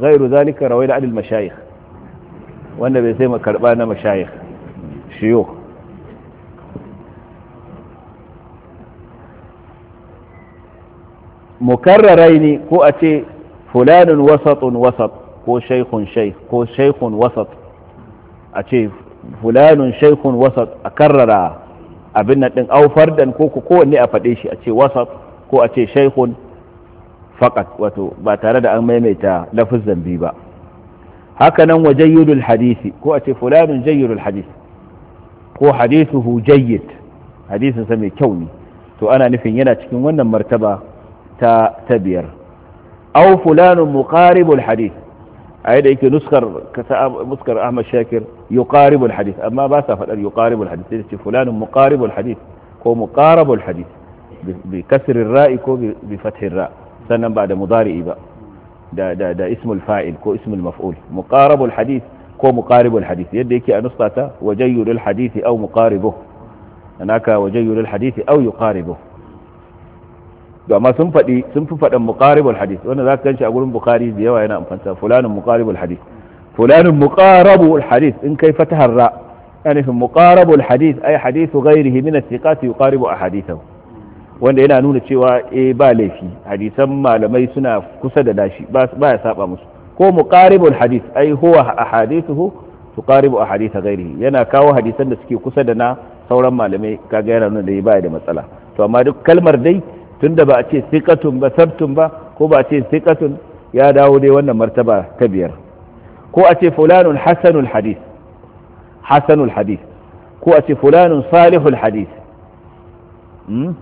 ghairu zalika rawaina al mashayikh wanda bai sai makarba na mashayikh shuyukh mukarraraini ko a ce fulanun wasatun wasat ko shaykhun shaykh ko shaykhun wasat a ce fulanun shaykhun wasat akarrara abin nan au fardan ko ku kowanne a faɗe shi a ce wasat ko a ce shaykhun faqat wato ba tare da an maimaita lafazan zambi ba haka nan wa jayyidul hadisi ko a ce fulanun jayyidul hadis ko hadithuhu jayyid hadisin sa mai kyau ne to ana nufin yana cikin wannan martaba ta ta biyar aw fulanun muqaribul hadis ايدا يكي نسخر كتاب مسكر احمد شاكر يقارب الحديث اما باسا فالان يقارب الحديث تلسي فلان مقارب الحديث هو مقارب الحديث بكسر الراء بفتح الراء سنة بعد مضارئ با دا, دا, دا اسم الفائل كو اسم المفعول مقارب الحديث كو مقارب الحديث يدا يكي انصطة وجي للحديث او مقاربه هناك وجي للحديث او يقاربه to amma sun faɗi sun fi faɗan muqaribul hadith wanda zaka ganshi a gurin bukhari da yawa yana amfanta fulanin muqaribul hadith fulanin muqarabul hadith in kai fatahar ra yani fi muqarabul hadith ay hadithu ghairihi min athiqati yuqaribu ahadithahu wanda yana nuna cewa eh ba laifi hadisan malamai suna kusa da dashi ba ya saba musu ko muqaribul hadith ai huwa ahadithuhu tuqaribu hadisa ghairihi yana kawo hadisan da suke kusa da na sauran malamai kaga yana nuna da ba da matsala to amma duk kalmar dai tunda ba a ce sikatun ba sabtun ba ko ba a ce sikatun ya dawo dai wannan martaba ta biyar ko a ce fulanun hasanul hadis hasanul hadis, ko a ce fulanun salihul hadis, hmm?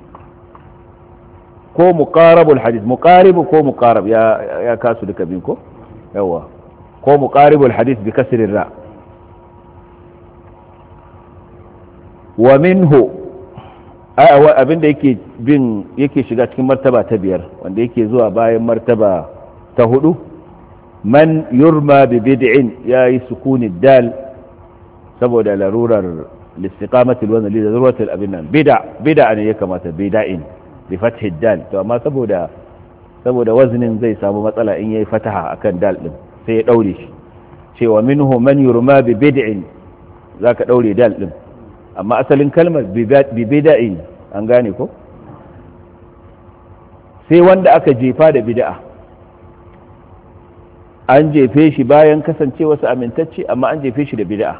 ko muqarabul hadis muqaribu ko muqarab ya ya kasu duka bin ko yawa ko muqaribul hadis bi kasrir ra wa minhu abin da yake bin yake shiga cikin martaba ta biyar wanda yake zuwa bayan martaba ta hudu man yurma bi bid'in yayi sukuni dal saboda larurar listiqamati alwazn li zarwati alabin bid'a bid'a ne ya kamata bida'in bi fathi dal to amma saboda saboda zai samu matsala in yayi fataha akan dal din sai ya daure shi cewa minhu man yurma bi bid'in zaka daure dal din amma asalin kalmar bibida'i an gane ko sai wanda aka jefa da bida'a an jefe shi bayan kasance wasu amintacce amma an jefe shi da bida'a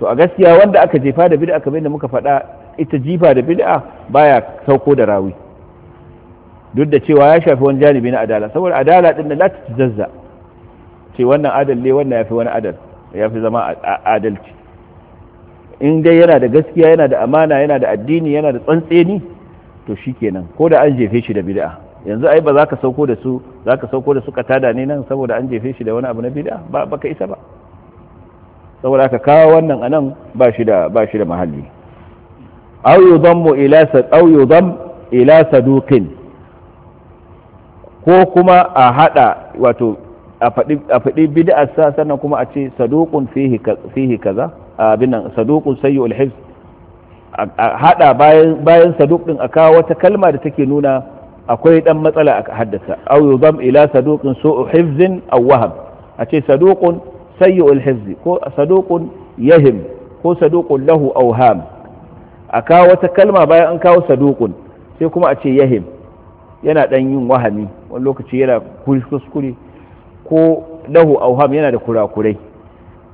to a gaskiya wanda aka jefa da bida'a kamar yadda muka faɗa ita jifa da bida'a baya sauko da rawi duk da cewa ya shafi wani janibi na adala saboda adala din da lati zazza ce wannan adal ne wannan ya fi wani adal ya fi zama adalci in dai yana da gaskiya yana da amana yana da addini yana da tsantseni to shikenan ko da an jefe shi da bid'a yanzu ai ba za ka sauko da su za ka sauko da su ka tada ne nan saboda an jefe shi da wani abu na bid'a ba baka isa ba saboda aka kawo wannan anan ba shi da ba shi da mahalli aw yudammu ila sad aw yudam ila saduqin ko kuma a hada wato a faɗi bid'ar sa sannan kuma a ce saduqun fihi fihi kaza Abinan saduqun sayyi'ul A hada bayan bayan saduq din aka wata kalma da take nuna akwai ɗan matsala a haddasa aw yuzam ila saduqin su'u hifzin aw waham a ce saduqun sayyi'ul hifz ko saduqun yahim ko saduqun lahu awham aka wata kalma bayan an kawo saduqun sai kuma a ce yahim yana ɗan yin wahami wani lokaci yana kuskure ko lahu auham yana da kurakurai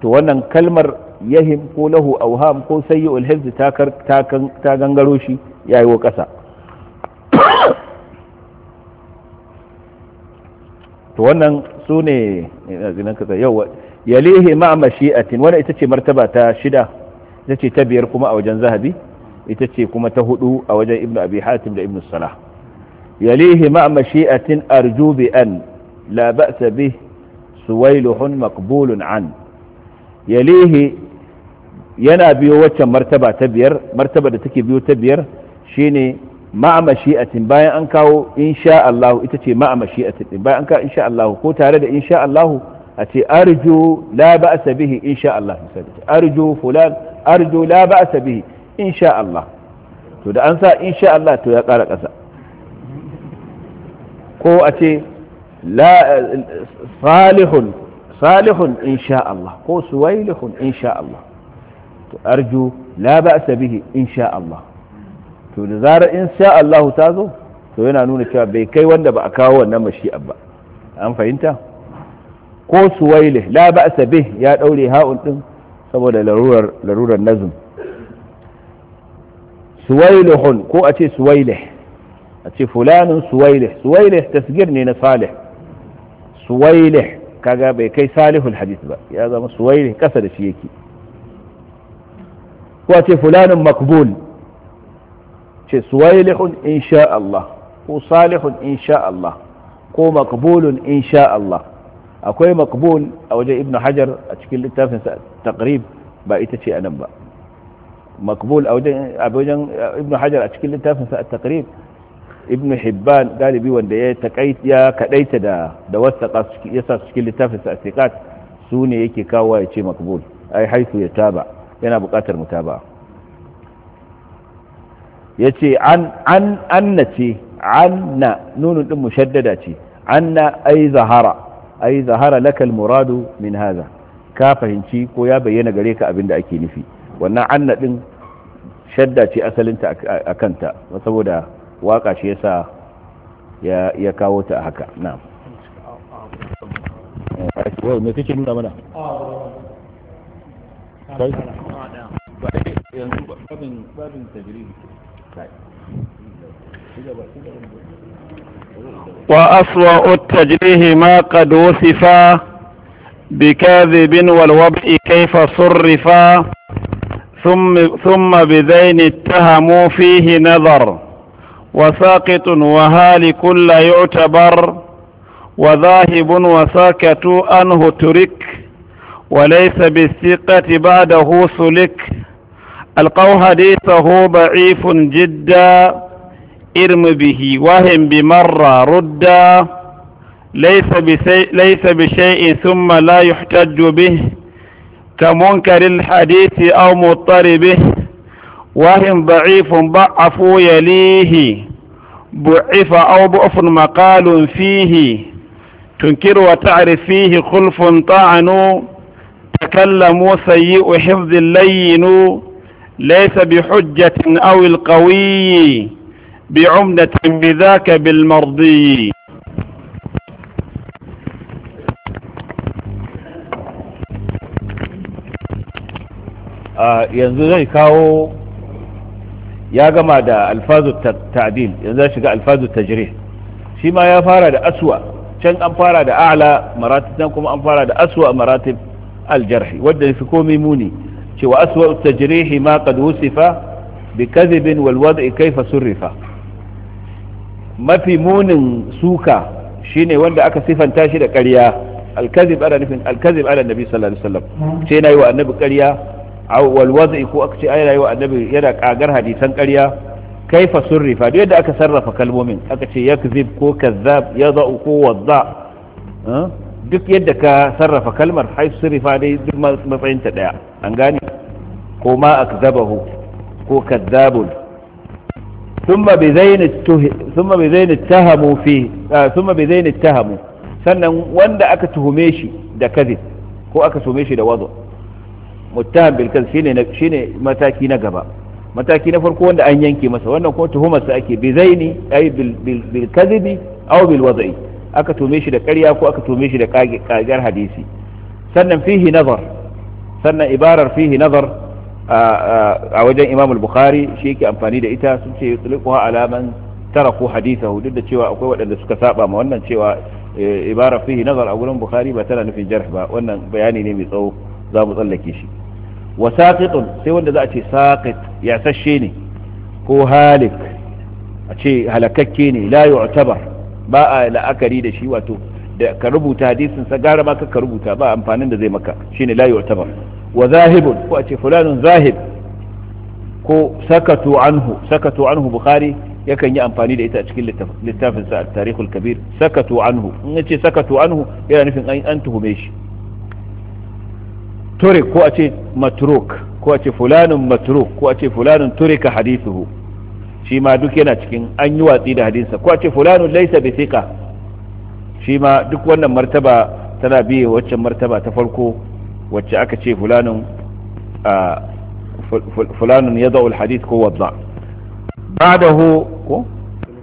to wannan kalmar yahim ko lahu auham ko sayyi'ul hifz ta gangaro shi yayi wa ƙasa to wannan su ne yawa yalihi ma mashi'atin wannan ita ce martaba ta shida ita ce ta biyar kuma a wajen zahabi ita ce kuma ta hudu a wajen ibnu abi hatim da ibnu salah yalihi ma mashi'atin arju bi an la ba'sa bih suwailuhun maqbulun an yalihi yana biyo waccan martaba ta biyar martaba da take biyo ta biyar shine ma'a mashi'atin bayan an kawo insha Allah ita ce ma'a mashi'atin din bayan an kawo insha Allah ko tare da insha Allah a ce arju la ba'sa bihi insha Allah misali arju fulan arju la ba'sa bihi insha Allah to da an sa insha Allah to ya ƙara ƙasa ko a ce la salihun salihun insha Allah ko suwailihun insha Allah to arju la ba'sa bihi insha Allah to da zarar insha Allah ta zo to yana nuna cewa bai kai wanda ba a kawo wannan mashi'a ba an fahimta ko suwaile la ba'sa bih ya daure ha'un din saboda larurar larurar nazm hun ko a ce suwailih a ce fulanin suwailih suwailih tasgir ne na salih suwailih kaga bai kai salihul hadith ba ya zama suwailih kasa da shi yake kuwa ce fulanin makbul ce suwailihun insha Allah ko salihun insha Allah ko makbulun insha Allah akwai makbul a waje ibn hajar a cikin littafinsa taqrib ba ita ce anan ba makbul a wajen ibn hajar a cikin littafin littafinsa taqrib ibn hibban galibi wanda ya ya kadaita da da wasaqa yasa cikin littafin atiqat su ne yake kawo ya ce makbul ai haifu ya taba yana buƙatar mutaba ya ce an na anna ce anna nunun ɗin mushaddada ce anna ai zahara ai zahara lakal muradu min haza ka fahimci ko ya bayyana gare ka abin da ake nufi wannan anna ɗin shadda ce asalinta a kanta saboda waka shi yasa ya kawo ta haka na kake nuna mana ah, طيب وأسوأ التجريه ما قد وصفا بكاذب والوبء كيف صرفا ثم, ثم بذين اتهموا فيه نظر وساقط وهالك لا يعتبر وذاهب وساكت أنه ترك وليس بالثقة بعده سلك القوا حديثه ضعيف جدا ارم به وهم بمرة ردا ليس, بشيء ليس بشيء ثم لا يحتج به كمنكر الحديث أو مضطربه وهم ضعيف ضعف يليه بعف أو ضعف مقال فيه تنكر وتعرف فيه خلف طعن تكلم سيء حفظ اللين ليس بحجة أو القوي بعمدة بذاك بالمرضي آه، ينزو زي كاو يا جماعة الفاظ التعديل ينزو شقا الفاظ التجريح شما يا فارد أسوأ شن أم فارد أعلى مراتب نكم أم فارد أسوأ مراتب aljarh wanda fi komai muni cewa aswa tajrihi ma qad wusifa bi kadhibin wal wad'i kayfa surrifa mafi munin suka shine wanda aka sifanta shi da ƙarya alkazib ana nufin nabi sallallahu alaihi wasallam sai yana yi wa annabi ƙarya wal wad'i ko ce yana yi wa annabi yana kagar hadisan karya kaifa surrifa duk yadda aka sarrafa kalmomin aka ce yakzib ko kazzab yada'u ko wadda duk yadda ka sarrafa kalmar haisurifa dai duk matsayinta daya an gane ko ma akzabahu ko kadzabun thumma bi zaini thumma bi tahamu fi ah, thumma bi zaini tahamu sannan wanda aka tuhume shi da kadhib ko aka tuhume shi da wadu muttaham bil kadhib shine shine mataki na gaba mataki na farko wanda an yanke masa wannan ko tuhumar sa ake bi zaini ay bil kadhibi aw bil wada'i aka tume shi da ƙarya ko aka tume shi da ƙagar hadisi sannan fihi nazar sannan ibarar fihi nazar a wajen imam al-bukhari shi yake amfani da ita sun ce yutliquha ala man taraku hadithahu duk da cewa akwai waɗanda suka saba ma wannan cewa eh, ibara fihi nazar a gurin bukhari ba tana nufin jarh ba wannan bayani ne mai tsawo za mu tsallake shi wa saqitun sai wanda za a ce saqit ya sashe ne ko halik a ce halakakke ne la yu'tabar ba a la'akari da shi wato da ka rubuta hadisin sa gara ma ka rubuta ba amfanin da zai maka shine la yu'tabar wa zahibun ko a ce fulanun zahib ko sakatu anhu sakatu anhu bukhari yakan yi amfani da ita a cikin littafin sa tarikhul kabir sakatu anhu in yace sakatu anhu yana nufin an an tuhume shi tore ko a ce matruk ko a ce fulanun matruk ko a ce fulanun turika hadithuhu shi ma duk yana cikin an yi watsi da hadinsa ko a ce fulanun laisa bi thiqa shi ma duk wannan martaba tana biye waccan martaba ta farko wacce aka ce fulanun fulanun yada'u alhadith ko wadda ba'dahu ko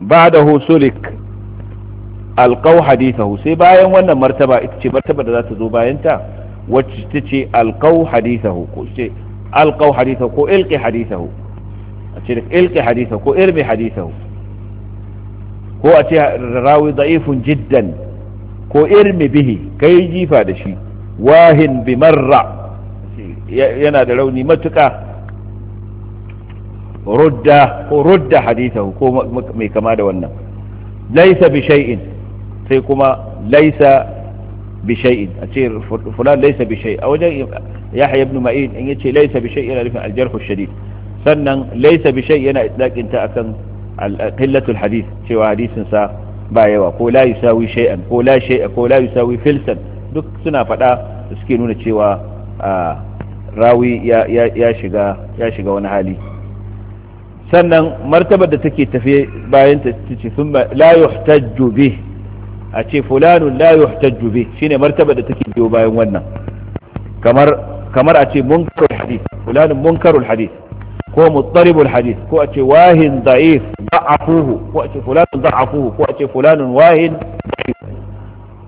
ba'dahu sulik alqaw hadithahu sai bayan wannan martaba ita ce martaba da za ta zo bayan ta wacce ta ce alqaw hadithahu ko ce alqaw hadithahu ko ilqi hadithahu ce ilki hadisa ko irmi hadisa ko a ce rawi da'ifun jiddan ko irmi bihi kai jifa da shi wahin bi marra yana da rauni matuka rudda ko rudda hadithahu ko mai kama da wannan laisa bi shay'in sai kuma laisa bi shay'in a ce fulan laisa bi shay'in a wajen yahya ibn ma'in in yace laisa bi shay'in alifin aljarhu shadid sannan laisa bi shay yana itlaqin ta akan qillatul hadith cewa hadisin sa ba yawa ko la yusawi shay'an ko la shay'a ko la yusawi filsan duk suna fada suke nuna cewa rawi ya shiga ya shiga wani hali sannan martabar da take tafiye bayan ta ce thumma la yuhtajju bi a ce fulanu la yuhtajju bi shine martaba da take biyo bayan wannan kamar kamar a ce munkarul hadith fulanu munkarul hadith ko mutaribul hadith ko a ce wahin da'if da'afuhu ko a ce fulanun da'afuhu ko a ce fulanun wahin da'if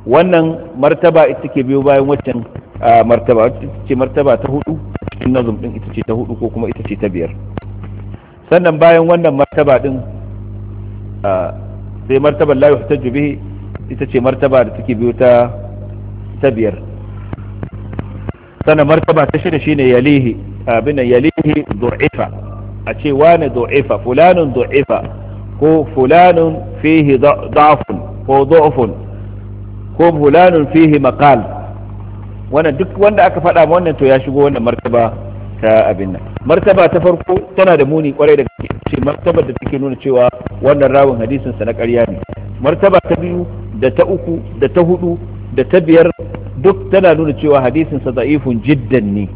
wannan martaba ita ke biyo bayan waccan martaba ita ce martaba ta hudu cikin nazum din ita ce ta hudu ko kuma ita ce ta biyar sannan bayan wannan martaba din sai martaba la yuhtaju bihi ita ce martaba da take biyo ta ta biyar sannan martaba ta shida shine yalihi abin yalihi du'ifa a ce wani du'ifa fulanun du'ifa ko fulanun fihi da'fun ko du'fun ko fulanun fihi maqal wannan duk wanda aka faɗa wannan to ya shigo wannan martaba ta abin nan martaba ta farko tana da muni kwarai da gaske ce martaba da take nuna cewa wannan rawun hadisin sa na ƙarya ne martaba ta biyu da ta uku da ta hudu da ta biyar duk tana nuna cewa hadisin sa da'ifun jiddan ne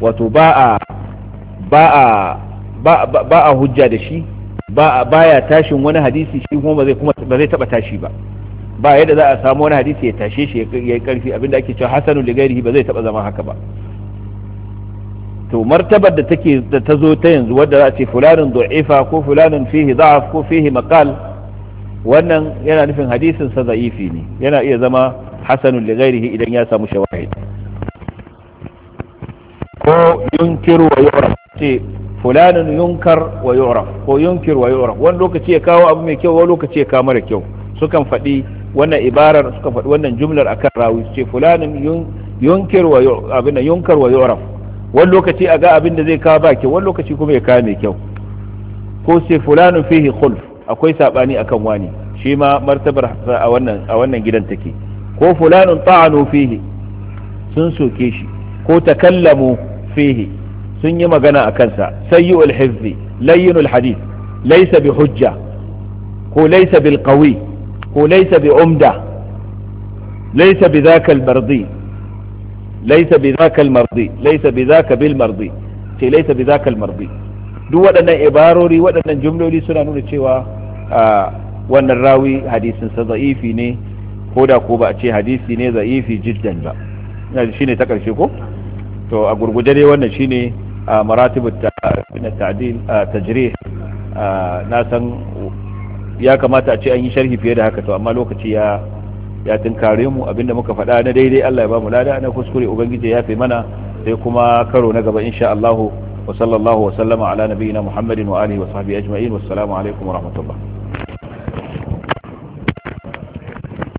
wato ba a ba a ba a hujja da shi ba ya tashin wani hadisi shi kuma ba zai kuma ba zai taba tashi ba ba yadda za a samu wani hadisi ya tashe shi ya yi karfi abinda ake cewa hasanu li ghairihi ba zai taba zama haka ba to martabar da take da ta zo ta yanzu wadda za a ce fulanin du'ifa ko fulanin fihi da'af ko fihi maqal wannan yana nufin hadisin sa za'ifi ne yana iya zama hasanu li ghairihi idan ya samu shawahid ko yunkir wa yu'raf ce fulanin yunkar wa yu'raf ko yunkir wa yu'raf wani lokaci ya kawo abu mai kyau wani lokaci ya kawo mara kyau sukan faɗi wannan ibarar sukan faɗi wannan jumlar akan rawi ce fulanin yunkir wa abin yunkar wa yu'raf wani lokaci a ga abin da zai kawo ba kyau wani lokaci kuma ya kawo mai kyau ko ce fulanin fihi khulf akwai sabani akan wani shi ma martabar a wannan a wannan gidan take ko fulanin ta'anu fihi sun soke shi ko takallamu fihi sun yi magana a kansa sayyi'ul hizzi layyinul hadith laysa bi hujja ko laysa bil qawi ko laysa bi umda laysa bi dhaka al mardi laysa bi dhaka al mardi laysa bi dhaka bil mardi ce laysa bi dhaka al mardi duk waɗannan ibarori waɗannan jumloli suna nuna cewa wannan rawi hadisin sa za'ifi ne ko da ko ba a ce hadisi ne za'ifi jiddan ba shine ta ƙarshe ko to a gurguje dai wannan shine a maratibu ta'dil tajrih na san ya kamata a ce an yi sharhi fiye da haka to amma lokaci ya ya tunkare mu abinda muka faɗa na daidai Allah ya ba mu lada na kuskure ubangiji ya fi mana sai kuma karo na gaba insha Allah wa sallallahu wa sallama ala nabiyina Muhammadin wa alihi wa sahbihi ajma'in wassalamu alaikum wa rahmatullah